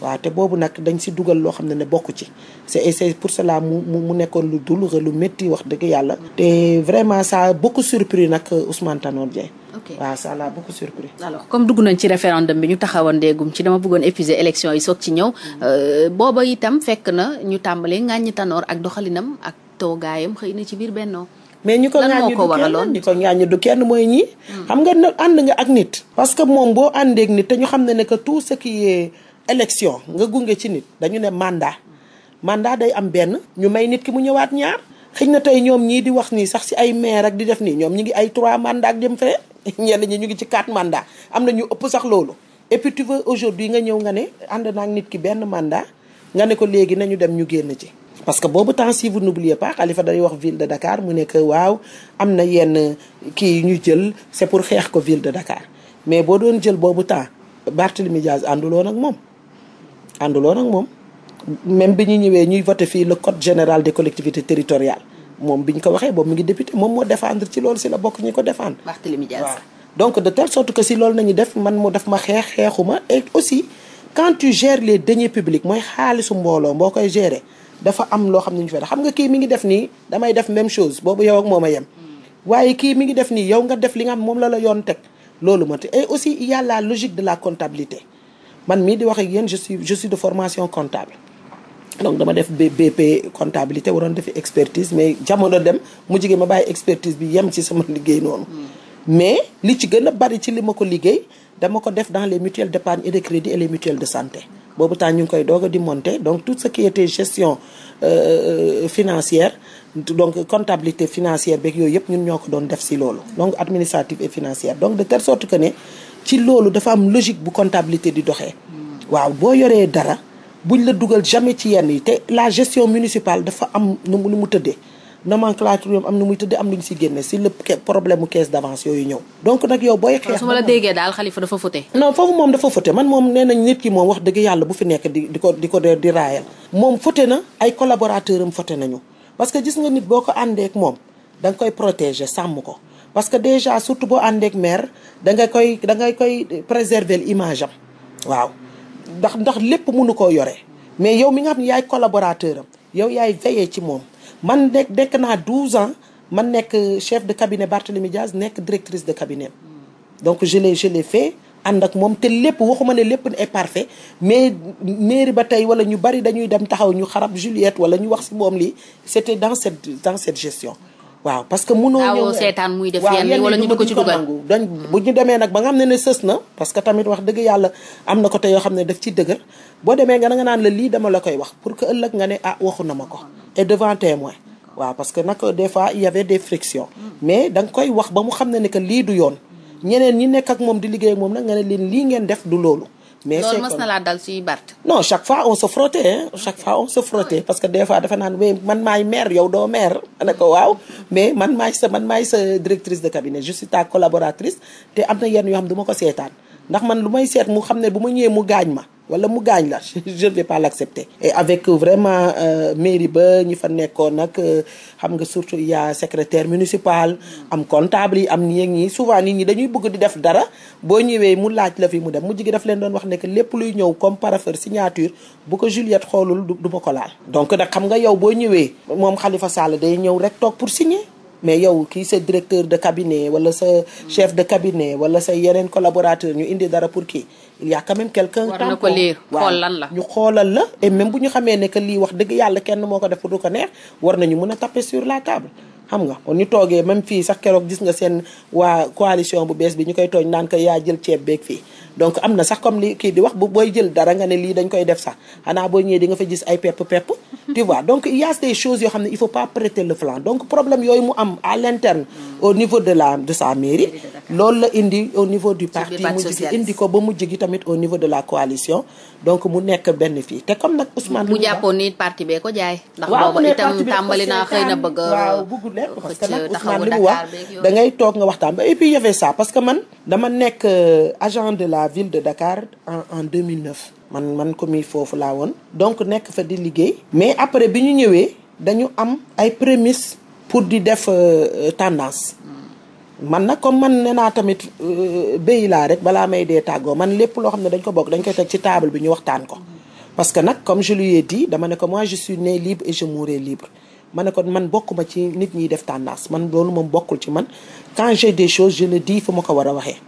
waaw te boobu nag dañ si dugal loo xam ne ne bokk ci c'est c'est pour cela mu mu nekkoon lu douloureux lu métti wax dëgg yàlla. te vraiment ça a beaucoup surpris nag euh, Ousmane Tanor Dieng. ok waaw ça l'a beaucoup surpris. alors comme dugg nañ ci référendum bi ñu taxawoon déggum ci dama bëggoon épuiser élection yi soog ci ñëw mm. euh, booba itam fekk na ñu tàmbalee ŋàññi Tanor ak doxalinam ak toogaayam xëy na ci biir Benno. mais ñi ko ñaañu du kenn ñi ko ñaañu du kenn mooy ñii. Mm. xam nga ànd nga ak nit. parce que moom boo xam ne ne que tout ce élection nga gunge ci nit dañu ne mandat mandat day am benn ñu may nit ki mu ñëwaat ñaar xëy na tey ñoom ñii di wax nii sax si ay maire ak di def nii ñoom ñi ngi ay trois mandat ak dem ñenn ñi ñu ngi ci quatre mandat am na ñu ëpp sax loolu et puis tu veux aujourd'hui nga ñëw nga ne ànd naa nit ki benn mandat nga ne ko léegi nañu dem ñu génn ci parce que boobu temps si vous n'oubliez pas Khalifa day wax ville de Dakar mu nekk waaw am na yenn kii ñu jël c'est pour xeex ko ville de Dakar mais boo doon jël boobu temps Barthélemy Diaz ànduloon ak moom ànduloo nag moom même bi ñu ñëwee ñuy voté fii le code général des collectivités territoriales moom bi ñu ko waxee boobu mu ngi député moom moo défendre ci loolu si la bokk ñi ko défendre. Barthélémy Dias waaw donc de telle si loolu def man mu def ma xeex xeexuma aussi quand tu gères les deniers publics mooy xaalisu mbooloo boo koy gérer dafa am loo xam ne ñu fay xam nga kii mi ngi def nii damay def même chose boobu yow ak moom a yem. Hmm. waaye kii mi ngi def nii yow nga def li nga am moom la la yoon teg loolu moo te et aussi il a la logique de la comptabilité. man mii di wax ak yéen je suis de formation comptable donc dama def BP comptabilité waroon defi expertise mais jamono dem mu jigéen ma bàyyi expertise bi yem ci sama liggéey noonu. Hmm. mais li ci gën a bari ci li ma ko liggéey dama ko def dans les mutuelles d'épargne et de crédit et les mutuelles de santé. boobu temps ñu ngi koy doog a di monter donc tout ce qui était gestion euh, euh financière donc comptabilité financière beeg yooyu yëpp ñun ñoo ko doon def si loolu donc administrative et donc de telle que ne. ci loolu dafa am logique bu comptabilité di doxee. waaw boo yoree dara buñ la dugal jamais ci yenn yi te la gestion municipale dafa am nu mu nu mu tëddee. nomenclature yom am nu muy tëdd am nu ñu si génne si le problème mu caisse d' avance yooyu ñëw donc nag yow booy xeex su déggee daal xalifa dafa fëte non foofu moom dafa fëte man moom nee nañ nit ki moom wax dëgg yàlla bu fi nekk di ko di ko di raayal moom fëte na ay collaborateur am fëte nañu parce que gis nga nit boo ko àndeek moom danga koy protéger sàmm ko parce que déjà surtout boo àndeek maire da nga koy da ngay koy préserver image am waaw ndax ndax lépp mënu koo yore mais yow mi nga xam ne yaay collaborateur am yow yaay veillé ci moom man nekk nekk naa 12 ans man nekk chef de cabinet Barthélémy Diaz nekk directrice de cabinet donc je l'ai je l'ai fait ànd ak moom te lépp waxuma ne lépp est parfait mais mairie ba tey wala ñu bari dañuy dem taxaw ñu xarab Juliette wala ñu wax ci moom lii c'était dans cette dans cette gestion waaw parce que munoo ñëw seetaan muy def yenn yi wala ñu di ko ci dugal hmm. bu ñu demee nag ba nga xam ne ne sës na parce que tamit wax dëgg yàlla am na ko te yoo xam ne daf ci dëgër boo demee nga nga naan la lii dama la koy wax pour que ëllëg nga ne ah waxu na ma ko et devant témoin waaw parce que nag des fois il y des frictions hmm. mais danga nga koy wax ba mu xam ne ne que lii du yoon hmm. ñeneen ñi nekk ak moom di liggéey ak moom nag nga ne leen lii ngeen def du loolu mais loolu mas na laa dal ci Barth. non chaque fois on se frottait chaque fois on se frottait parce que des fois dafa naan mais man maay maire yow doo maire ne ko waaw mais man maay sa man maay sa directrice de cabinet je suis ta collaboratrice te am na yenn yoo xam du ma ko seetaan. ndax man lu may seet mu xam ne bu ma ñëwee mu gaañ ma wala mu gaañ la je ne vais pas l'accepter et avec euh, vraiment euh, mairie ba ñi fa nekkoon nag euh, xam nga surtout il y a secrétaire municipal am comptable yi am nii ak ñii souvent nit ñi dañuy bëgg di def dara boo ñëwee mu laaj la fi mu dem mu jigi daf leen doon wax ne que lépp luy ñëw comme parapheur signature bu ko Juliette xoolul du ma ko laal donc nag xam nga yow boo ñëwee moom Khalifa Sall day ñëw rek toog pour signer mais yow kii sa directeur de cabinet wala sa chef de cabinet wala sa yeneen collaborateur ñu indi dara pour kii il y a quelqu'un war na ko lire xool lan la ñu xoolal la et bu ñu xamee ne que lii wax dëgg yàlla kenn moo ko def pour ko neex war na ñu mun a taper sur la table xam nga kon ñu toogee même fii sax keroog gis nga seen waa coalition bu bees bi ñu koy tooñ naan ko yaa jël ceeb beeg fii donc am na sax comme li kii di wax bu booy jël dara nga ne lii dañ koy def sax xanaa boo ñëwee di nga fa gis ay pepp pepp tu vois donc il y a yoo xam ne il faut pas prêter le flanc donc problème yooyu mu am à l'interne hmm. au niveau de la de sa mairie loolu la indi au niveau du parti mujj gi indi ko ba mujj gi tamit au niveau de la coalition donc mu nekk benn fii te comme nag Ousmane. mu jàppoon ni parti ko jaay. ndax boobu itam tàmbali naa xëy na bëgg a. waaw bëggul leen parce que nag Ousmane li mu wax da ngay toog nga waxtaan ba et puis y avait ça parce que man. dama nekk euh, agent de la ville de Dakar en en 2009 man man ko mi foofu laa woon. donc nekk fa di liggéey. mais après bi ñu ñëwee dañu am ay prémices pour di def euh, euh, tendance. man nag comme man nee naa tamit euh, béy laa rek balaa may dee tàggoo man lépp loo xam ne dañ ko bokk dañ koy teg ci table bi ñu waxtaan ko. parce que nag comme je lui ai dit dama ne ko moi je suis né libre et je mourrai libre ma ne ko man bokkuma ci nit ñiy def tendance man loolu moom bokkul ci man quand de des choses je le dis fu ma ko war a waxee.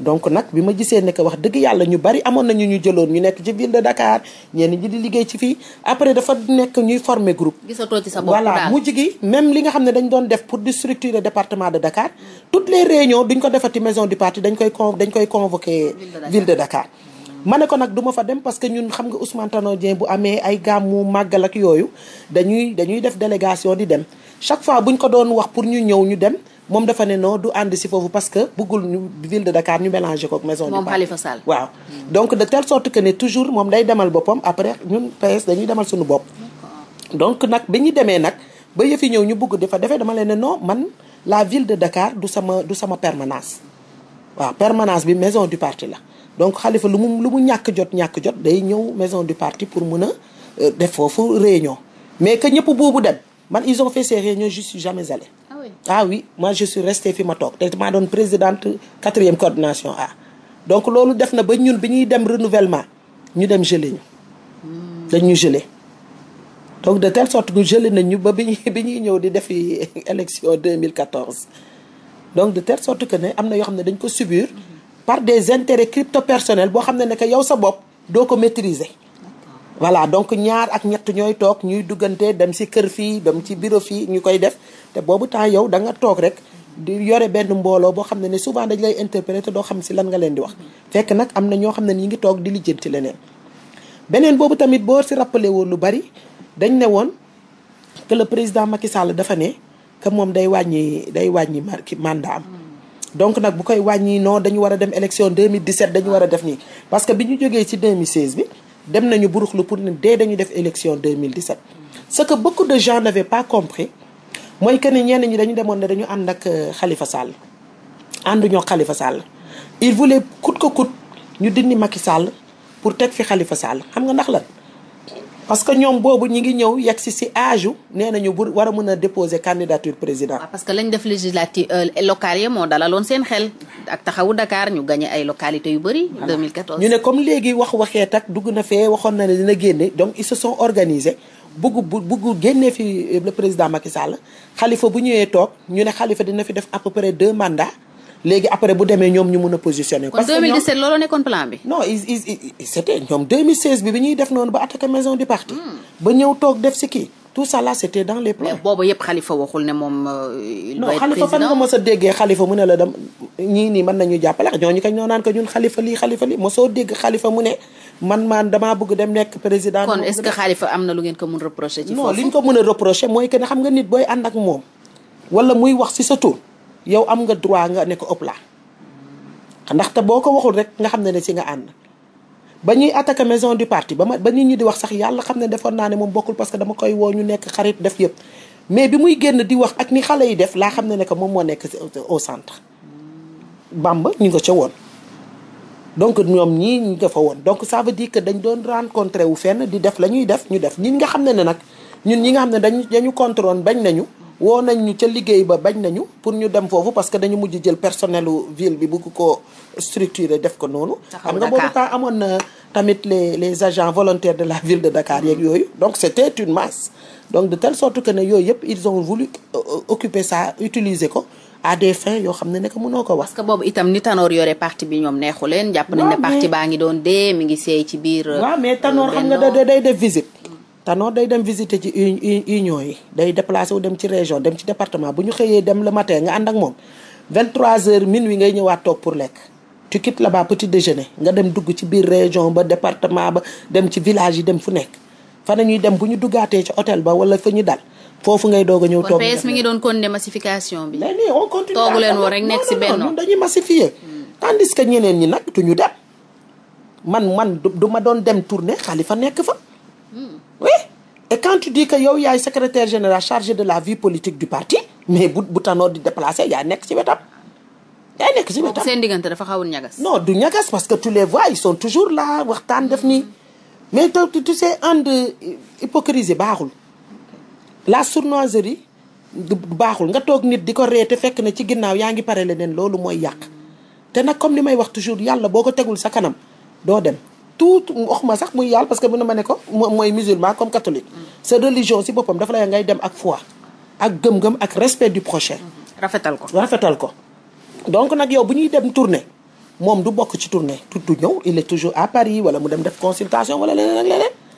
donc nag bi ma gisee ne que wax dëgg yàlla ñu bari amoon nañu ñu jëloon ñu nekk ci ville de Dakar ñenn ñi di liggéey ci fii après dafa nekk ñuy former groupe. gisatoo ci sa bopp voilà mujj gi li nga xam ne dañ doon def pour di structurer département de Dakar toutes les réunions duñ ko defati maison du parti dañ koy con dañ koy convoquer ville de Dakar. ma ne ko nag du fa dem parce que ñun xam nga Ousmane Tanor bu amee ay gàmmu màggal ak yooyu dañuy dañuy def délégation di dem chaque fois buñ ko doon wax pour ñu ñëw ñu dem. moom dafa ne non du ànd si foofu parce que buggul ñu ville de Dakar ñu mélanger ko ak maison du parti moom Khalifa Sall waaw donc de tele sorte que ne toujours moom day demal boppam après ñun PS demal suñu bopp donc nag bi ñu demee nag ba yëf yi ñëw ñu bugg dafa defee dama leen ne non man la ville de Dakar du sama du sama permanence waaw permanence bi maison du parti la donc xalifa lu mu lu mu ñàkk jot ñàkk jot day ñëw maison du parti pour mën a euh, def foofu réunion mais que ñëpp boobu dem man ils ont fait ces réunions je suis oui ah oui moi je suis restée fi ma toog te maa doon présidente quatrième coordination A donc loolu def na ba ñun bi ñuy dem renouvellement ñu dem gelé ñu hmm. dañ ñu gelé donc de tell sorte que gelé nañ ñu ba bi ñuy bi ñuy ñëw di defi élection 2014 donc de telle sorte que ne am na yoo xam ne dañ ko subir hmm. par des intérêts crypto personnels boo xam ne ne que yow sa bopp doo ko maîtriser voilà donc ñaar ak ñett ñooy toog ñuy duggante dem ci kër fii dem ci bureau fii ñu koy def te boobu temps yow da toog rek di yore benn mbooloo boo xam ne ne souvent dañ lay interpréter doo xam si lan nga leen di wax fekk nag am na ñoo xam ne ñi ngi toog di lijjanti leneen beneen boobu tamit boo si rappelé woon lu bari dañ ne woon que le président Macky Sall dafa ne que moom day wàññi day wàññi mandat am donc nag bu koy wàññi non dañu war a dem élection 2017 dañu war a def nii parce que bi ñu jógee ci 2016 bi dem nañu buruxlu pour ne mooy que ni ñenn ñi dañu demoon ne dañu ànd ak euh, Khalifa Sall ànduñoo xalifa Sall il voulait coûte que coûte ñu dindi Macky sàll pour teg fi xalifa Sall xam nga ndax lan parce que ñoom boobu ñu ngi ñëw yegg si si âge u nee nañu bu war a mën a déposer candidature président. waaw ah, parce que lañ def législative euh, locales yi moo dalaloon seen xel ak taxawu Dakar ñu gagné ay localités yu bëri. 2014 ñu ne comme léegi wax waxee ak dugg na fee waxoon na ne dina génne donc ils se sont organisés. bugg bu bugg génnee fi euh, le président Macky Sall xalifa bu ñëwee toog ñu ne xalifa dina fi def à peu près deux mandats léegi après bu demee ñoom ñu mun a positionné. parce que ñoom kon 2017 looloo nekkoon plan bi. non il il il bi ñuy def noonu ba attaqué maison du parti. Hmm. ba ñëw toog def si kii. tout ça là c' était dans les plans. mais boobu yëpp xalifa waxul ne moom. Euh, non xalifa fan nga mos déggee xalifa mu ne la dem ñii nii mën nañu jàppale ak ñooñu kañ ñoo naan ko ñun xalifa lii xalifa lii mosoo dégg xalifa mu ne. man maan damaa bëgg dem nekk président. kon est-ce que am na lu ngeen ko mën reprocher. ci foofu non li a reprocher mooy que ne xam nga nit booy ànd ak moom. wala muy wax ci sa tur yow am nga droit nga ne ko ëpp laa ndaxte boo ko waxul rek nga xam ne ne ci nga ànd. ba ñuy attaqué maison du parti ba ma ba nit ñi di wax sax yàlla xam ne defoon naa ne moom bokkul parce que dama koy woo ñu nekk xarit def yëpp. mais bi muy génn di wax ak ni xale yi def laa xam ne ne que moom moo nekk au centre. Bamba ñu nga ca woon. donc ñoom ñii ñu dafa woon donc ça veut que dañ doon rencontré wu fenn di def la ñuy def ñu def ñi nga xam ne ne nag ñun ñi nga xam ne dañ dañu contrôle bañ nañu woo nañ ñu ca liggéey ba bañ nañu pour ñu dem foofu parce que dañu mujj jël personnel ville bi bëgg ko structuré def ko noonu xam nga boobu temps amoon na tamit les les agent volontaires de la ville de Dakar yooyu donc c'était une masse donc de telle sorte que ne yooyu yëpp ils ont voulu euh, occuper ça utiliser ko à des fins yoo xam ne naka mënoo ko wax. parce que boobu itam ni Tanor yore parti bi ñoom neexu leen. jàpp nañ ne parti baa ngi doon dee mi ngi seey ci biir. waaw euh, mais Tanor euh, xam nga day day def visite. Tanor day dem visiter ci union yi day déplacé wu dem ci région dem ci département bu ñu xëyee dem le matin nga ànd ak moom 23h minuit ngay ñëwaat toog pour lekk. tu quittes là-bas petit déjeuner nga dem dugg ci biir région ba département ba dem ci village yi dem fu nekk fa na ñuy dem bu ñu duggaatee ci hôtel ba wala fa ñu dal. foofu ngay doog a ñëw. toog PS mi ngi doon continuer massification bi. mais nii on continue toogu leen woon rek nekk si benn hmm. que ñeneen ñi nag du ñu dem. man man du ma doon dem tournée Khalifa nekk fa. Hmm. oui et quand tu dis que général chargé de la vie politique du parti mais bu bu Tanor di déplacé yaa nekk ci wetam. yaa nekk ci oh, wetam seen dafa xawul ñagas. non du ñagas parce que tu les vois ils sont toujours là waxtaan def nii hmm. mais tu tu sais ànd hypocrisie baaxul. la sournoiserie du baaxul nga toog nit di ko reete fekk na ci ginnaaw yaa ngi pare leneen loolu mooy yàq te nag comme li may wax toujours yàlla boo ko tegul sa kanam doo dem tout wax ma sax muy yàlla parce que mën na ma ne ko mooy musulman comme catholique mm-hmm. sa religion si boppam dafa la ngay dem ak fois ak gëm-gëm ak respect du prochain mm-hmm. rafetal ko rafetal ko donc nag yow bu ñuy dem tournée moom du bokk ci tournée du ñëw il est toujours à Paris wala mu dem def consultation wala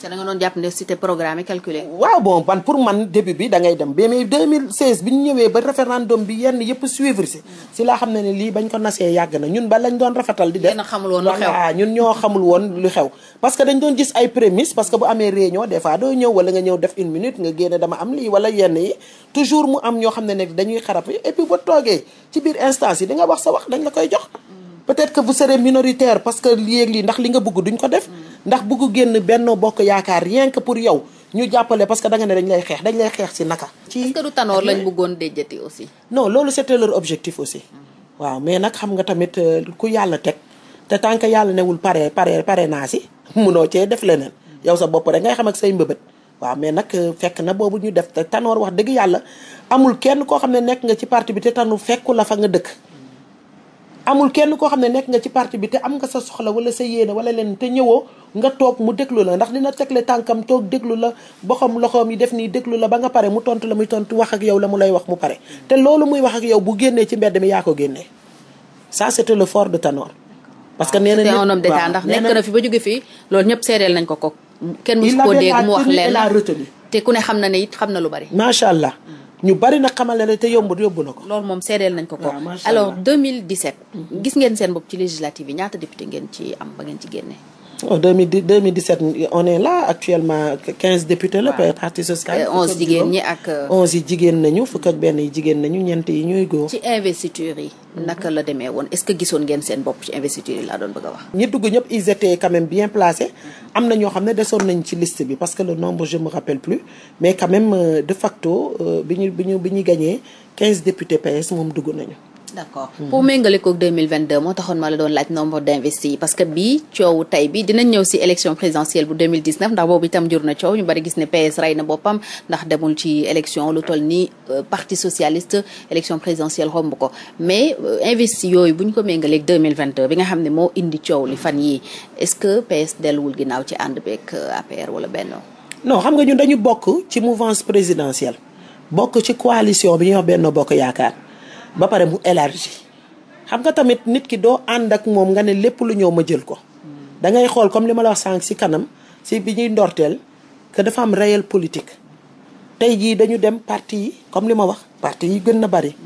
ca da nga doon jàpp ne c'était waaw bon pour man début bi da ngay dem ba mais 2016 bi ñu ñëwee ba référendum bi yenn yëpp suivre si. si laa xam ne ne lii bañ ko nasee yàgg na ñun ba lañ doon rafetal. di def yéen xamul woon ñun ñoo xamul woon lu xew. parce que dañ doon gis ay prémices parce que bu amee réunion des fois doo ñëw wala nga ñëw def une minute nga génne dama am lii wala yenn yi toujours mu am ñoo xam ne ne dañuy xarab et puis ba toogee ci biir instance yi di nga wax sa wax dañ la koy jox. peut-être que bu seree minoritaire parce que lii ak lii ndax li nga bëgg duñ ko def. ndax bëgg génn benn Bokk Yaakaar rien que pour yow ñu jàppale parce que danga ne dañ lay xeex dañ lay xeex si naka. ci est-ce que du Tanor lañ bëggoon déjati aussi. non loolu c'était leur objectif aussi. waaw mais nag xam nga tamit euh, ku yàlla teg te tant que yàlla newul pare pare pare naa si munoo cee def leneen yow sa bopp rek ngay ak say mbëbët. waaw mais nag euh, fekk na boobu ñu def te Tanor wax dëgg yàlla amul kenn koo xam ne nekk nga ci parti bi te tanu fekku la fa nga dëkk. amul kenn koo xam ne nekk nga ci parti bi te am nga sa soxla wala sa yéene wala leen te ñëwoo nga toog mu déglu la ndax dina tegle tànkam toog déglu la boxam loxoom yi def nii déglu la ba nga pare mu tontu la muy tontu wax ak yow la mu lay wax mu pare te loolu muy wax ak yow bu génnee ci mbedd mi yaa ko génnee saa c'était le fort de Tanor parce que nee na un homme d'état ndax nekk na fi ba jóge fii loolu ñëpp seedeel nañ ko ko kenn musu ko dégg mu wax leen la retenu te ku ne xam na ne it xam na lu bari macha allah ñu bari na xamal na te yombut yóbbu na ko. loolu moom seedeel nañ ko ko alors 2017. Mhm. gis ngeen seen bopp ci législative yi ñaata député ngeen ci am ba ngeen ci génne. en 2017 on est là actuellement 15 députés la. waaw parti social. 11 ñi ak. 11 euh, yi jigéen nañu fukk ak benn yi jigéen nañu ñeent yi ñooy góor. ci investiture yi. Mhm. naka la demee woon est-ce que gisoon ngeen seen bopp ci investiture yi laa doon bëgg wax. ñi dugg ñëpp ils étaient quand même bien placés am na ñoo xam ne desoon nañ ci liste bi parce que le nombre je me rappelle plus mais quand même euh, de facto euh, bi ñu bi ñu bi ñu gañee quinze députés PS moom dugg nañu. d'accord mm-hmm. pour méngale koog 2022 moo taxoon ma la doon laaj nombre d'investis parce que bii coowu tey bi dinañ ñëw si élection présidentielle bu 2019 ndax boobu itam jur na coow ñu bari gis ne PS rey na boppam ndax demul ci élection lu toll ni euh, parti socialiste élection présidentielle romb ko mais euh, investi yooyu bu ñu ko méngaleeg 2022 bi nga xam ne moo indi coow li fan yii est-ce que PS delluwul ginnaaw ci ànd beeg euh, APR wala benn. non xam nga ñun dañu bokk ci mouvance présidentielle bokk ci coalition bi ñuy wax Benno Yaakaar. ba pare mu élargi xam nga tamit nit ki doo ànd ak moom nga ne lépp lu ñëw ma jël ko da ngay xool comme li ma la wax sànq si kanam si bi ñuy ndorteel que dafa am réel politique tey jii dañu dem parti yi comme li ma wax parti yi gën na bari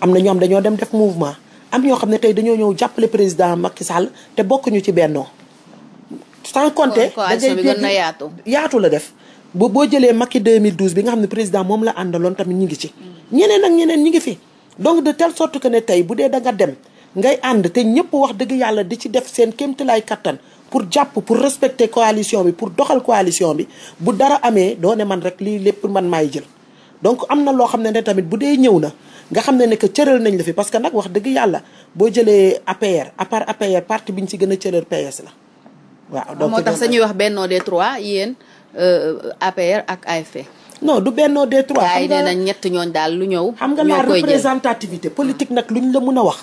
am na ñoom dañoo dem def mouvement am ñoo xam ne tey dañoo ñëw jàppale président makki sàll te bokkuñu ci bennoo sans compter dangay yaatu yaatu la def bu boo jëlee Macky 2012 bi nga xam ne président moom la àndaloon tamit ñi ngi ci ak ñeneen ñi ngi fi donc de telle sorte que ne tey bu dee da dem ngay ànd te ñëpp wax dëgg yàlla di ci def seen kéemtalaay kattan pour jàpp pour respecter coalition bi pour doxal coalition bi bu dara amee doo ne man rek lii lépp man maay jël. donc am na loo xam ne ne tamit bu dee ñëw na nga xam ne ne que cëral nañ la fi parce que nag wax dëgg yàlla boo jëlee APR à part APR parti bi ñu ci gën a cëral PS la. waaw donc moo tax ñuy wax benn des trois yéen euh, APR ak AFP. non du bennoo des trois. xam nga ñett ñooñ daal lu ñëw. xam nga la représentativité politique nag luñ la mun a wax.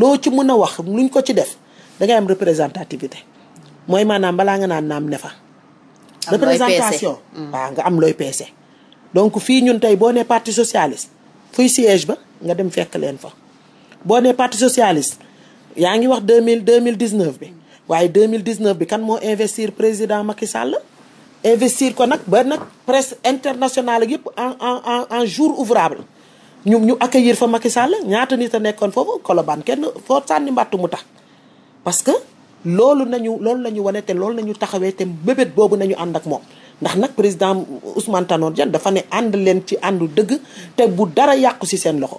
loo ci mun a wax lu ñu ko ci def da ngay am représentativité mooy maanaam balaa nga naan naam ne fa. représentation mm. waaw nga am looy peese. donc fii ñun tey boo ne parti socialiste fuy siège ba nga dem fekk leen fa boo nee parti socialiste yaa ngi wax deux mille deux mille dix neuf bi waaye deux mille dix neuf bi kan moo investir président Macky Sall. investir ko nag ba nag presse internationale ak yëpp un un en jour ouvrable ñu ñu accueillir fa Macky Sall ñaata nit a nekkoon foofu Colobane kenn foo sànni mbàttu mu tax parce que loolu nañu loolu la ñu wane te loolu na ñu taxawee te bébét boobu nañu ànd ak moom ndax nag président Ousmane Tanor Dieng dafa ne ànd leen ci àndu dëgg te bu dara yàqu si seen loxo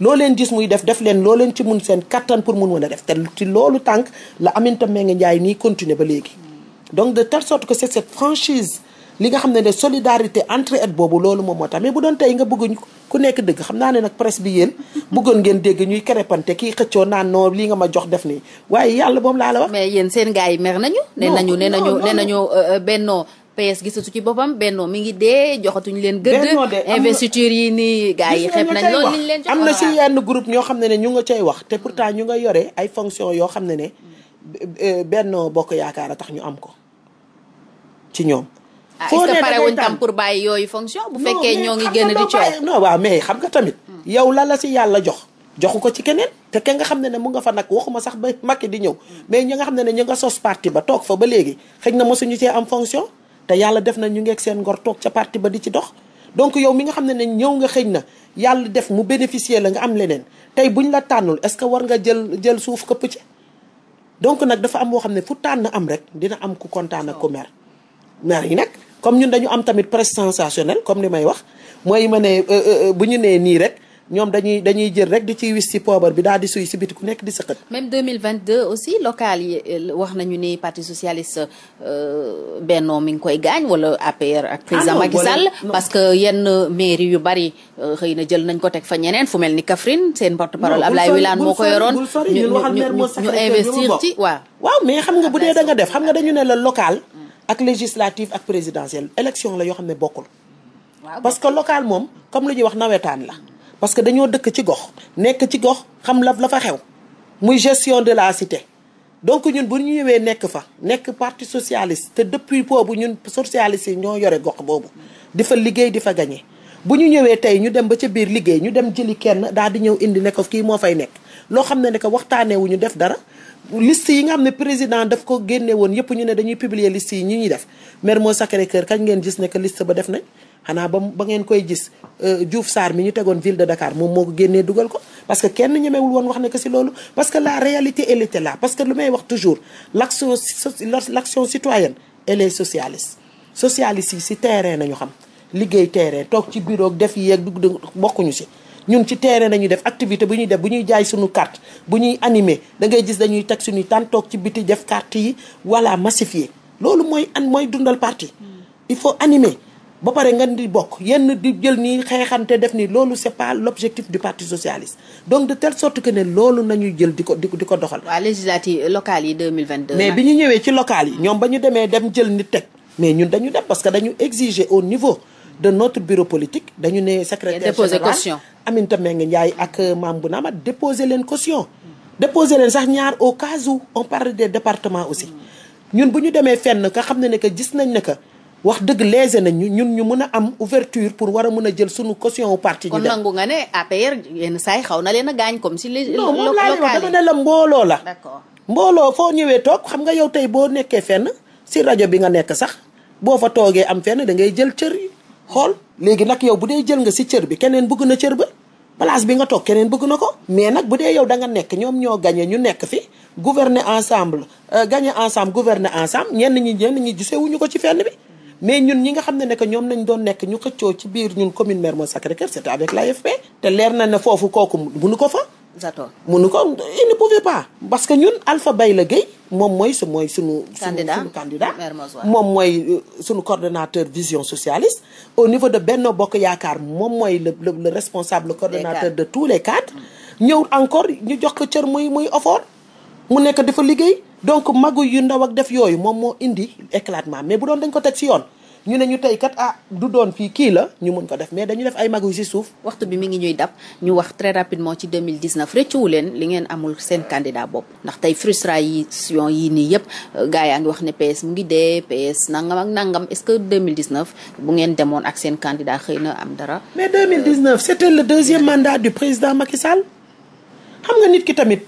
loo leen gis muy def def leen loo leen ci mun seen kattan pour mun mën a def te ci loolu tànk la Aminata Mbengue Ndiaye nii continuer ba léegi donc de tell sort que c'est cette franchise li nga xam ne ne solidarité entraide boobu loolu moom moo tax mais bu doon tey nga bëgg ku nekk dëgg xam naa ne nag presse bi yéen bëggoon ngeen dégg ñuy kerepante kii xëccoo naan non li nga ma jox def nii waaye yàlla boom laa la wax. mais yéen seen mer nañu. nee nañu nee nañu nee nañu euh, euh, bennoo PS gisatu ci boppam bennoo mi ngi dee joxatuñu leen. bennoo de gëdd yi nii gars yi xeeb nañ loolu am na si yenn groupe ñoo xam ne ne ñu nga cay wax te pourtant ñu nga yore ay fonction yoo xam ne ne Eh, Benno Bokk Yaakaar a tax ñu am ko ci ñoom. Ah, foo ne pare wuñ pour bàyyi yooyu fonction. bu fekkee ñoo ngi génn di coow non waaw mais xam nga tamit. Hmm. yow la la si yàlla jox. joxu ko ci keneen te kenn nga xam ne ne mu nga fa nag waxuma sax ba Macky di ñëw hmm. mais ñi nga xam ne ne ñu nga sos parti ba toog fa ba léegi xëy na mosuñu cee am fonction te yàlla def na ñu ngeeg seen ngor toog ca parti ba di ci dox donc yow mi nga xam ne na ñëw nga xëy na yàlla def mu bénéficier la nga am leneen tey buñ la tànnul est-ce que war nga jël jël suuf këpp ci donc nag dafa am boo xam ne fu tànn am rek dina am ku kontaan ak ku mer mer yi nag comme ñun dañu am tamit presse sensationnelle comme li may wax mooy ma ne euh, euh, euh, bu ñu nee nii rek ñoom dañuy dañuy jël rek di ci wis ci poobar bi daal di suy si biti ku nekk di sëqat même 2022 aussi local euh, wax nañu ni parti socialiste euh, Benno mi ngi koy gaañ wala APR ak président ah Macky Sall parce que yenn mairie yu bari euh, xëy na jël nañ ko teg fa ñeneen fu mel ni Kaffrine seen porte parole Ablaye moo ko yoroon ñu investir ci waaw waaw mais xam nga bu dee da nga def xam nga dañu ne la local mm. ak législative ak présidentielle la yoo xam ne bokkul parce que local moom comme lu ñuy wax nawetaan la parce que dañoo dëkk ci gox nekk ci gox xam la la fa xew muy gestion de la cité donc ñun bu ñu ñëwee nekk fa nekk parti socialiste te depuis bu ñun socialiste yi ñoo yore gox boobu di fa liggéey di fa gañe bu ñu ñëwee tey ñu dem ba ca biir liggéey ñu dem jëli kenn daal di ñëw indi ne ko kii moo fay nekk loo xam ne ne ko waxtaanee ñu def dara liste yi nga xam ne président daf ko génne woon yëpp ñu ne dañuy publier liste yi ñi ñu def Mermoz Sacré-Cœur kañ ngeen gis ne que liste ba def nañ xanaa ba ba ngeen koy gis euh, Diouf saar mi ñu tegoon ville de Dakar moom moo ko génnee dugal ko parce que kenn ñemewul woon wax ne que si loolu parce que la réalité elle était là parce que lu may wax toujours l'action l'action citoyenne elle est socialiste yi si terrain nañu xam liggéey terrain toog ci bureau def yi yeeg dugg bokkuñu si ñun ci terrain nañu def activité bu ñuy def bu ñuy jaay suñu carte bu ñuy animer da ngay gis dañuy teg suñuy tànn toog ci biti def carte yi voilà massifier loolu mooy an mooy dundal parti hmm. il faut animer ba pare nga di bokk yenn di jël nii xeexante def nii loolu c'est pas l'objectif du parti socialiste donc de telle sorte que ne loolu nañuy jël di ko di ko di ko doxal. waaw législative euh, locales yi 2022. mais bi ñu ñëwee ci locales yi ñoom ba ñu demee dem jël ni teg mais ñun dañu dem parce que dañu exiger au niveau de notre bureau politique dañu ne secrétaire général Aminata Mbengue Ndiaye ak euh, Mame naa Ahmad déposer leen caution. déposer leen sax ñaar au cas où on parle des départements aussi ñun bu ñu demee fenn nga xam ne ne que gis nañ ne que. wax dëgg léegi nañu ñun ñu mën a am ouverture pour war a mën a jël suñu costion wu parti. kon nangu nga ne APR yenn saa yi xaw na leen a gaañ comme si. les non moom laa la mbooloo la. mbooloo foo ñëwee toog xam nga yow tey boo nekkee fenn si rajo bi nga nekk sax boo fa toogee am fenn da ngay jël cër yi xool. léegi nag yow bu dee jël nga si cër bi keneen bëgg na cër ba. place bi nga toog keneen bëgg na ko mais nag bu dee yow da nga nekk ñoom ñoo gagné ñu nekk fi gouverner ensemble euh, gagner ensemble gouverner ensemble ñenn ñi ñenn ñi gisewuñu ko ci fenn bi mais ñun ñi nga xam ne ne que ñoom nañ doon nekk ñu xëccoo ci biir ñun commune Mermoz Sacré-Cœur c'était avec l'AFP te leer na ne foofu kooku munu ko fa Zator munu ko parce que ñun Alpha Bayla Gueye moom mooy su mooy sunu sunu candidat moom mooy euh, sunu coordonnateur vision socialiste au niveau de Benno Bokk Yaakaar moom mooy le le responsable le de tous les cadres ñëw encore ñu jox ko cër muy muy effort mu nekk dafa liggéey donc magu yu ndaw ak def yooyu moom moo indi éclatement mais bu doon dañ ko teg ci yoon ñu ne ñu tey kat ah du doon fii kii la ñu mën ko def mais dañu def ay magu si suuf. waxtu bi mi ngi ñuy dab ñu wax très rapidement ci 2019 rëccuwu leen li ngeen amul seen candidat bopp ndax tey frustration yii nii yëpp euh, gars yaa ngi wax ne PS mu ngi dee PS nangam ak nangam est-ce que 2019 bu ngeen demoon ak seen candidat xëy na am dara. mais 2019 c'était le deuxième président Macky Sall. xam nga nit ki tamit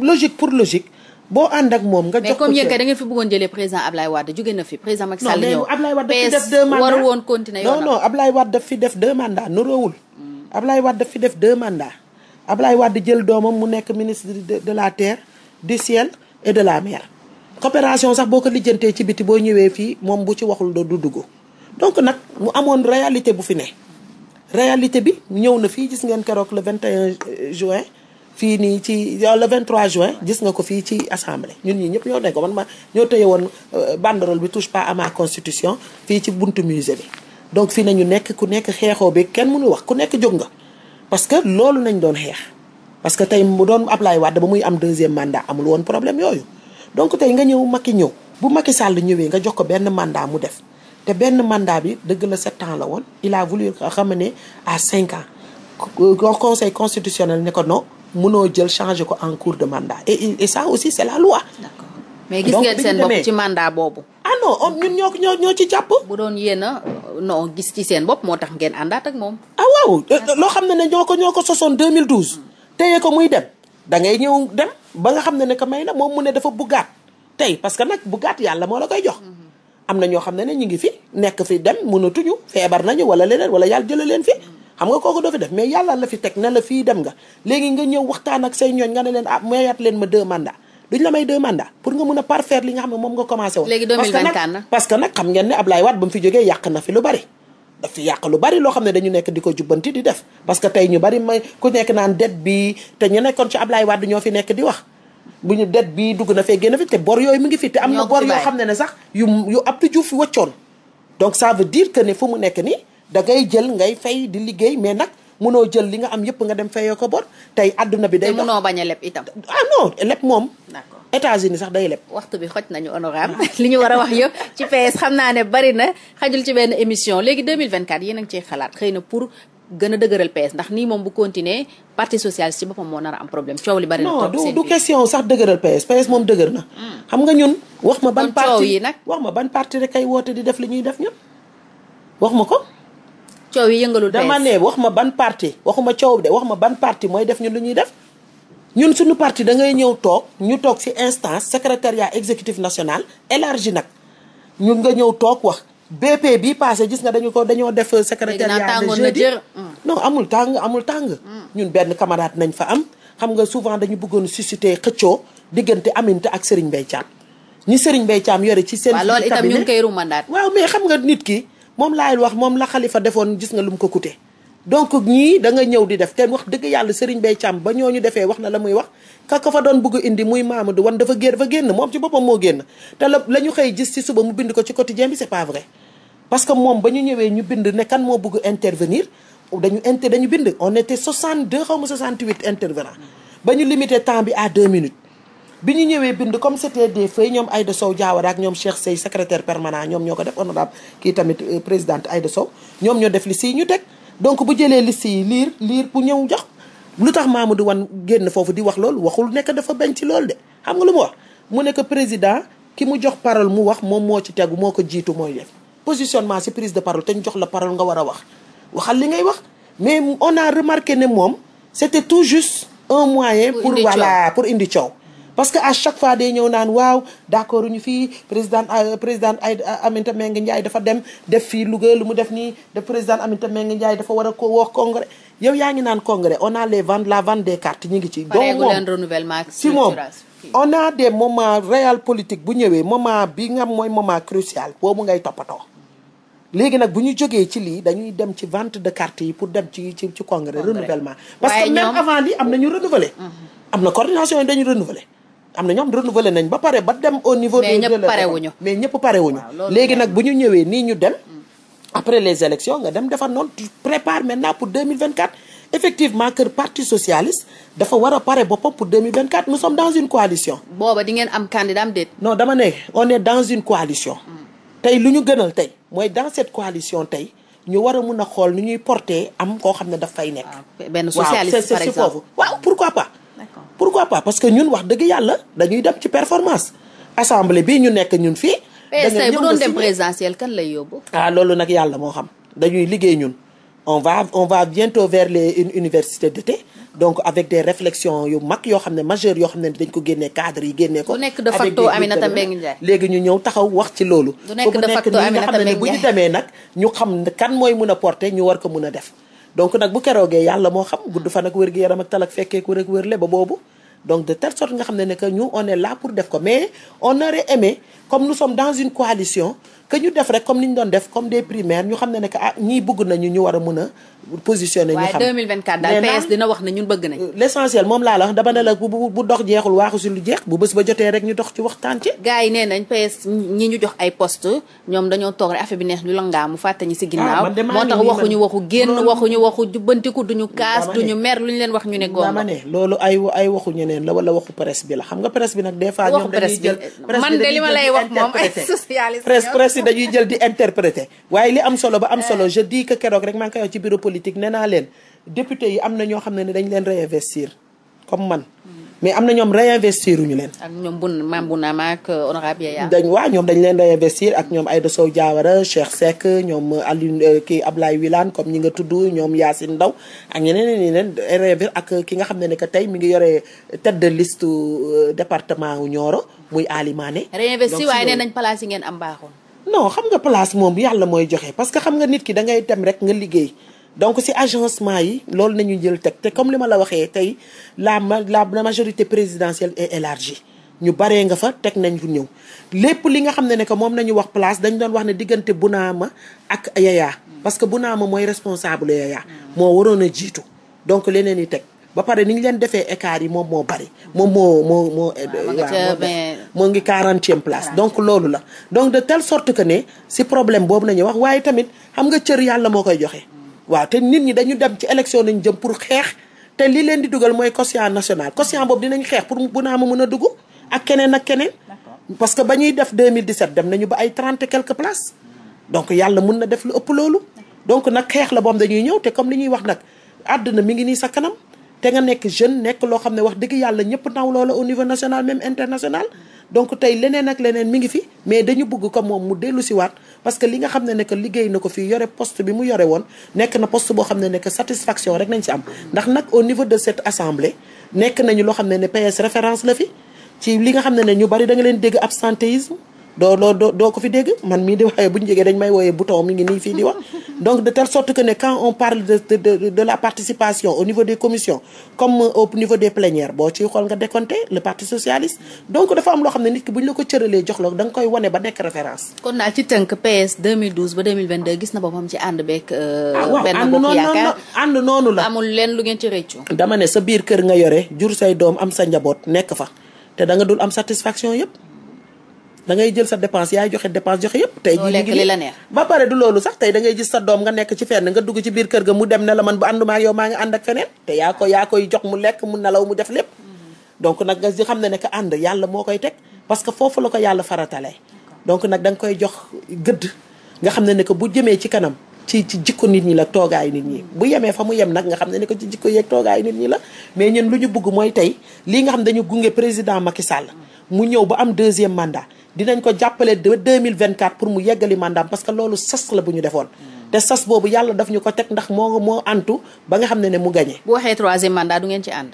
logique pour logique boo ànd ak moom nga jox ko mais fi bëggoon jëlee président Ablaye Wade jóge na fi président Macky Sall ñëw Ablaye Wade daf fi def deux mandats war woon continuer non non Ablaye Wade daf fi def deux mandats nuroowul mm. Ablaye Wade fi def deux mandats Ablaye Wade jël doomam mu nekk ministre de la terre du ciel et de la mer coopération sax boo ko lijjantee ci biti boo ñëwee fii moom bu ci waxul doo du dugg donc nag mu amoon réalité bu fi ne réalité bi ñëw na fii gis ngeen keroog le 21 juin fii nii ci euh, le 23 juin gis nga ko fii ci assemblée ñun ñi ñëpp ñoo nekk ko man ma ñoo tëye woon euh, banderole bi touche pas à ma constitution fii ci buntu musée bi donc fii nañu nekk ku nekk xeexoo bi kenn mënu wax ku nekk jóg nga parce que loolu nañ doon xeex parce que tey mu doon Ablaye Wade ba muy am deuxième mandat amul woon problème yooyu donc tey nga ñëw Macky ñëw bu Macky Sall ñëwee nga jox ko benn mandat mu def te benn mandat bi dëgg la sept ans la woon il a voulu ramener à cinq ans conseil constitutionnel ne ko munoo jël changer ko en cours de mandat et et ça aussi c'est la loi. mais gis ngeen seen bopp ci mandat boobu. ah non on ñun ñoo ñoo ci jàpp. bu doon yéen a non gis ci seen bopp moo tax ngeen àndaat ak moom. ah loo xam ne ne ñoo ko ñoo ko sosoon 2012. téye ko muy dem dangay ngay ñëw dem ba nga xam ne ne que may na moom mu ne dafa buggaat tey parce que nag buggaat yàlla moo la koy jox. Mhm. am na ñoo xam ne ne ñu ngi fi nekk fi dem munatuñu feebar nañu wala leneen wala yàlla jëlee leen fi. xam nga kooku doo fi def mais yàlla la fi teg ne la fii dem nga léegi nga ñëw waxtaan ak say ñooñ nga ne leen ah mayaat leen ma deux mandats duñ la may deux pour nga mun a parfaire li nga xam ne moom nga commencé woon. léegi 2024 nag parce que nag xam ngeen ne Ablaye Wade ba lu bari. daf fi bari loo xam ne dañu nekk di ko jubbanti di def parce que tey ñu bari may ku nekk naan dette bi te ñu nekkoon ci Ablaye Wade ñoo fi nekk di wax. bu ñu dette bi dugg na fee génn fi te bor yooyu mu ngi fi te am na bor yoo xam ne ne sax yu yu Abdou Diouf wëccoon donc ça veut ne fu mu nekk nii da jël ngay fay di liggéey mais nag mënoo jël li nga am yëpp nga dem fayee ko bor tey adduna bi. day dox te munoo bañ a leb itam. ah non leb moom. d'accord États-Unis sax day leb. waxtu bi xoj nañu honorable ah. li ñu war a wax yëpp ci PS xam naa ne bari na xajul ci benn émission léegi 2024 yéen a ngi cee xalaat xëy na pour. gën a dëgëral PS ndax nii moom bu continuer parti socialiste ci boppam moo na am problème coow li bari na. non du du question sax dëgëral PS PS moom na. Hmm. xam nga ñun. wax ma ban parti yi nag wax ma ban parti rek kay woote di def li ñuy def ñëpp ma ko. coow yi yëngalul dama ne wax ma ban parti waxuma coow de wax ma ban parti mooy def ñun lu ñuy def ñun suñu parti da ngay ñëw toog ñu toog ci instance secrétariat exécutif national élargi nag ñun nga ñëw toog wax BP bi passé gis nga dañu ko dañoo def secrétariat de jeudi mm. non amul tàng amul tàng mm. ñun benn camarade nañ fa am xam nga souvent dañu bëggoon susciter xëccoo diggante Aminta ak Serigne Mbaye Thiam ñi Serigne Mbaye Thiam yore ci seen waaw loolu itam ñu ngi koy rumandaat waaw mais xam nga nit ki moom laay wax moom la xalifa defoon gis nga lu mu ko coûté donc ñii danga ñëw di def te wax dëgg yàlla Serigne Bay Càmm ba ñoo ñu defee wax na la muy wax ka ko fa doon bëgg indi muy Mamadou Wane dafa géer dafa génn moom ci boppam moo génn te la la ñu xëy gis ci suba mu bind ko ci quotidien bi c'est pas vrai parce que moom ba ñu ñëwee ñu bind ne kan moo bëgg intervenir dañu inte dañu bind on était 62 xaw ma 68 intervenants ba ñu limité temps bi à 2 minutes bi ñu ñëwee bind comme c'était des feuilles ñoom Aïda Sow Diawara ak ñoom Cheikh Sey secrétaire permanent ñoom ñoo ko def honorable kii tamit euh, présidente Aïda Sow ñoom ñoo def liste yi ñu teg donc bu jëlee liste yi liir liir bu ñëw jox lu tax Mamadou wan génn foofu di wax loolu waxul nekk dafa bañ ci loolu de xam nga lu mu wax mu nekk président ki mu jox parole mu wax moom moo ci tegu moo ko jiitu mooy def positionnement si prise de parole te jox la parole nga war a wax waxal li ngay wax mais on a remarqué ne moom c'était tout juste un moyen pour voilà pour indi coow parce que à chaque fois day ñëw naan waaw d'accord ñu fi président euh, président ay euh, Aminata Mbengue Ndiaye dafa dem def fii Louga lu mu def nii de président Aminata Mbengue Ndiaye dafa war a ko wax congrès yow yaa ngi naan congrès on a les ventes la vente des cartes ñu ngi ci. donc moom si moom on a des moments réel politique bu ñëwee moment bi nga mooy moment crucial boobu ngay toppatoo. léegi nag bu ñu jógee ci lii dañuy dem ci vente de carte yi pour dem ci ci ci congrès renouvellement parce que même avant li am na ñu mhm. am na coordination yi dañu renouveler. am na ñoom xam nañ ba pare ba dem au niveau. mais ñëpp parewuñu mais ñëpp parewuñu. léegi nag bu ñu ñëwee nii ñu dem. Hmm. après les élections nga dem defar noonu tu prépares maintenant pour 2024. effectivement que parti socialiste dafa war a pare boppam pour 2024 nous sommes dans une coalition. booba di ngeen am candidat am déet. non dama ne on est dans une coalition. Hmm. tey lu ñu gënal tey mooy dans cette coalition tey ñu war a mun a xool nu ñuy porter am koo xam ne daf fay nekk. Ah, benn socialiste pourquoi pas parce que ñun wax dëgg yàlla dañuy dem ci performance assemblée bi ñu nekk ñun fii. Eh, dañuy bu doon kan lay yóbbu. ah loolu nag yàlla moo xam dañuy liggéey ñun on va on va bientôt vers les une université d'été donc avec des réflexions yu mag yoo xam ne majeures yoo xam ne dañ ko génnee cadre yi génne ko. avec de facto Aminata Mbengue Ndiaye léegi ñu ñëw taxaw wax ci loolu. du nekk de facto ñu demee nag ñu xam kan mooy mën a porter ñu war ko mën a def. donc nag bu keroogee yàlla moo xam gudd fan ak wér-gu-yaram ak talak fekkeeku rek wérle ba boobu donc de telle sorte nga xam ne ne que ñu on est pour def ko mais on aurait aimé comme nous sommes dans une coalition que ñu def rek comme ni ñu doon def comme des primaires ñu xam ne ne que ah ñii bëgg nañu ñu war a mën a positionné ñu xam waaye 2024 daal PS dina wax ne ñun bëgg nañ euh, l' essentiel moom laa la wax dama ne la bu bu dox jeexul waaxu si lu jeex bu bés ba jotee rek ñu dox ci waxtaan ci gars yi nee nañ PS ñi ñu jox ay poste ñoom dañoo toog rek affaire bi neex ñu langaa mu fàtte ñi si ginnaaw ah, moo tax waxuñu waxu génn waxuñu waxu jubbantiku duñu kaas duñu mer lu ñu leen wax ñu ne gooma ne loolu ay ay waxu ñeneen la wala waxu presse bi la xam nga presse bi nag des fois ñoom dañuy jël man de li ma lay wax moom ay socialiste presse presse yi dañuy jël di interpréter waaye li am solo ba am eh. solo je dis que keroog rek maa ngi koy wax ci bureau politique nee naa leen député yi am na ñoo xam ne dañ leen réinvestir comme man. mais am na ñoom réinvestir ñu leen. ak ñoom bu maam bu naama ak euh, dañ waaw ñoom dañ leen réinvestir ak ñoom Aïda Sow Diawara Cheikh Seck ñoom Alioune euh, kii Ablaye Wilane comme ñi nga tudd ñoom Yacine Ndaw ak ñeneen ñi leen réinvestir ak ki nga xam ne ne que tey mi ngi yore tête de liste euh, département wu Nioro muy Ali Mané. réinvestir waaye nee nañ place ngeen am baaxoon. non xam nga place moom yàlla mooy joxe parce que xam nga nit ki da ngay dem rek nga liggéey. donc si agencement yi loolu nañu jël teg te comme li ma la waxee tey la la majorité présidentielle est élargie ñu baree nga fa teg nañ fu ñëw lépp li nga xam ne ne que moom nañu wax place dañ doon wax ne diggante Bounama ak Yaya parce que bu naa ma mooy responsable Yaya moo waroon a jiitu donc leneen yi teg ba pare ni ñu leen defee écart yi moom moo bari moom moo moo moo waaw eh, moo ngi quarantième place donc loolu la donc de telle sorte que ne si problème boobu nañu wax waaye tamit xam nga cër yàlla moo koy joxe waaw te nit ñi dañu dem ci élection nañu jëm pour xeex te li leen di dugal mooy quotient national quotient boobu dinañ xeex pour bu naa ma mën a dugg ak keneen ak keneen parce que ba ñuy def 2017 dem nañu ba ay trente et quelques donc yàlla mun na def lu ëpp loolu donc nag xeex la boom dañuy ñëw te comme li ñuy wax nag àdduna mi ngi nii sa kanam te nga nekk jeune nekk loo xam ne wax dëgg yàlla ñëpp naw loola au national même international donc tey leneen ak leneen mi ngi fi mais dañu bëgg ko moom mu dellu si waat parce que li nga xam ne ne que liggéey na ko fi yore poste bi mu yore woon nekk na poste boo xam ne ne que satisfaction rek nañ si am ndax nag au niveau de cette assemblée nekk nañu loo xam ne ne PS référence la fi ci li nga xam ne ne ñu bari danga leen dégg ab absentéisme doo doo doo ko fi dégg man mii di waxee bu ñu jegee dañ may wooyee bouton mi ngi nii fii di wax donc de telle sorte que ne quand on parle de de de la participation au niveau des commissions comme euh, au niveau des plénières boo ciy xool nga décompté le parti socialiste donc dafa am loo xam ne nit ki bu ñu la ko cëralee jox la da nga koy wane ba nekk référence. kon daal ci tënk PS 2012 ba 2022 gis na boppam ci ànd beeg. Euh, ah, noonu la amul leen lu ngeen ci rëccu. dama ne sa biir kër nga yore jur say doom am sa njaboot nekk fa te da nga dul am satisfaction yëpp. dangay jël sa dépense yaay joxe dépense joxe yépp tey jii ngi la neex ba pare du loolu sax tey da ngay gis sa doom nga nekk ci fenn nga dugg ci biir kër ga mu dem ne la man bu ànduma ak yow maa ngi ànd ak feneen te yaa ko yaa koy jox mu lekk mu nelaw mu def lépp mm-hmm. donc nag nga xam ne ne que ànd yàlla moo koy teg parce que foofu la ko yàlla faratalee donc nag da koy jox gëdd nga xam ne ne que bu jëmee ci kanam ci ci jikko nit ñi la toogaay nit ñi mm-hmm. bu yemee fa mu yem nag nga xam ne ne ko ci jikko yeeg toogaay nit ñi la mais ñun lu ñu bëgg mooy tey lii nga xam dañu gunge président Macky Sall mu ñëw ba am deuxième mandat dinañ ko jàppale ba 2024 pour mu yeggali mandaam parce que loolu sas la bu ñu defoon te sas boobu yàlla daf ñu ko teg ndax moo moo antu ba nga xam ne ne mu gagné. boo waxee troisième mandat du ngeen ci ànd.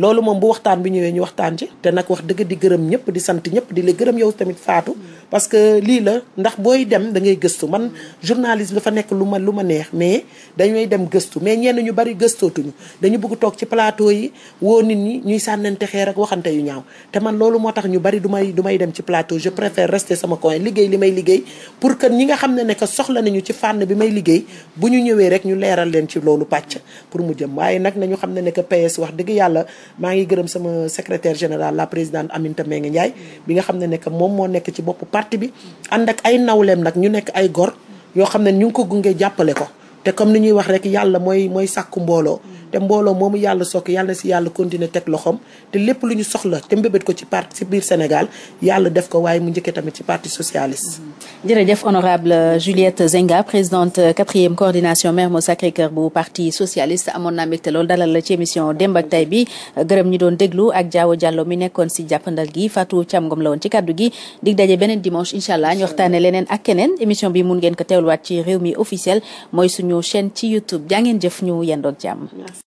loolu moom bu waxtaan bi ñëwee ñu waxtaan ci te nag wax dëgg di gërëm ñëpp di sant ñëpp di la gërëm yow tamit faatu parce que lii la ndax booy dem da gëstu man journalisme dafa nekk lu ma lu ma neex mais dañuy dem gëstu mais ñenn ñu bari gëstootuñu dañu bëgg toog ci plateau yi woo nit ñi ñuy sànnante xeer rek waxante yu ñaaw te man loolu moo tax ñu bari du may du may dem ci plateau je préfère rester sama coin liggéey li may liggéey pour que ñi nga xam ne ne que soxla nañu ci fànn bi may liggéey bu ñu ñëwee rek ñu leeral leen ci loolu pàcc pour mu jëm waaye nag nañu xam ne ne que PS wax dëgg yàlla maa ngi gërëm sama secretaire général la présidente Aminata ngi Ndiaye bi nga xam ne nekk moom moo nekk ci bopp parti bi ànd ak ay nawleem nag ñu nekk ay gor yoo xam ne ñu ngi ko gunge jàppale ko te comme ni ñuy wax rek yàlla mooy mooy sàkku mbooloo te mbooloo moomu yàlla sokk yàlla si yàlla continuer teg loxoom te lépp lu ñu soxla te mbébét ko ci parti ci biir Sénégal yàlla def ko waaye mu njëkkee ci parti socialiste. Mm-hmm. jërëjëf honorable euh, Juliette Zenga présidente euh, quatrième coordination Mermoz Sacré-Cœur bu parti socialiste amoon naa mbégte loolu dalal la ci émission démb ak tay bi euh, gërëm ñi doon déglu ak Diawo Diallo mi nekkoon si jàppandal gi Fatou Thiam Ngom la woon ci kaddu gi dig daje beneen dimanche incha allah ñu waxtaane leneen ak keneen émission bi mun ngeen ko teewluwaat ci réew mi officiel mooy suñu chaîne ci YouTube jaa ngeen jëf ñu yendoog jàmm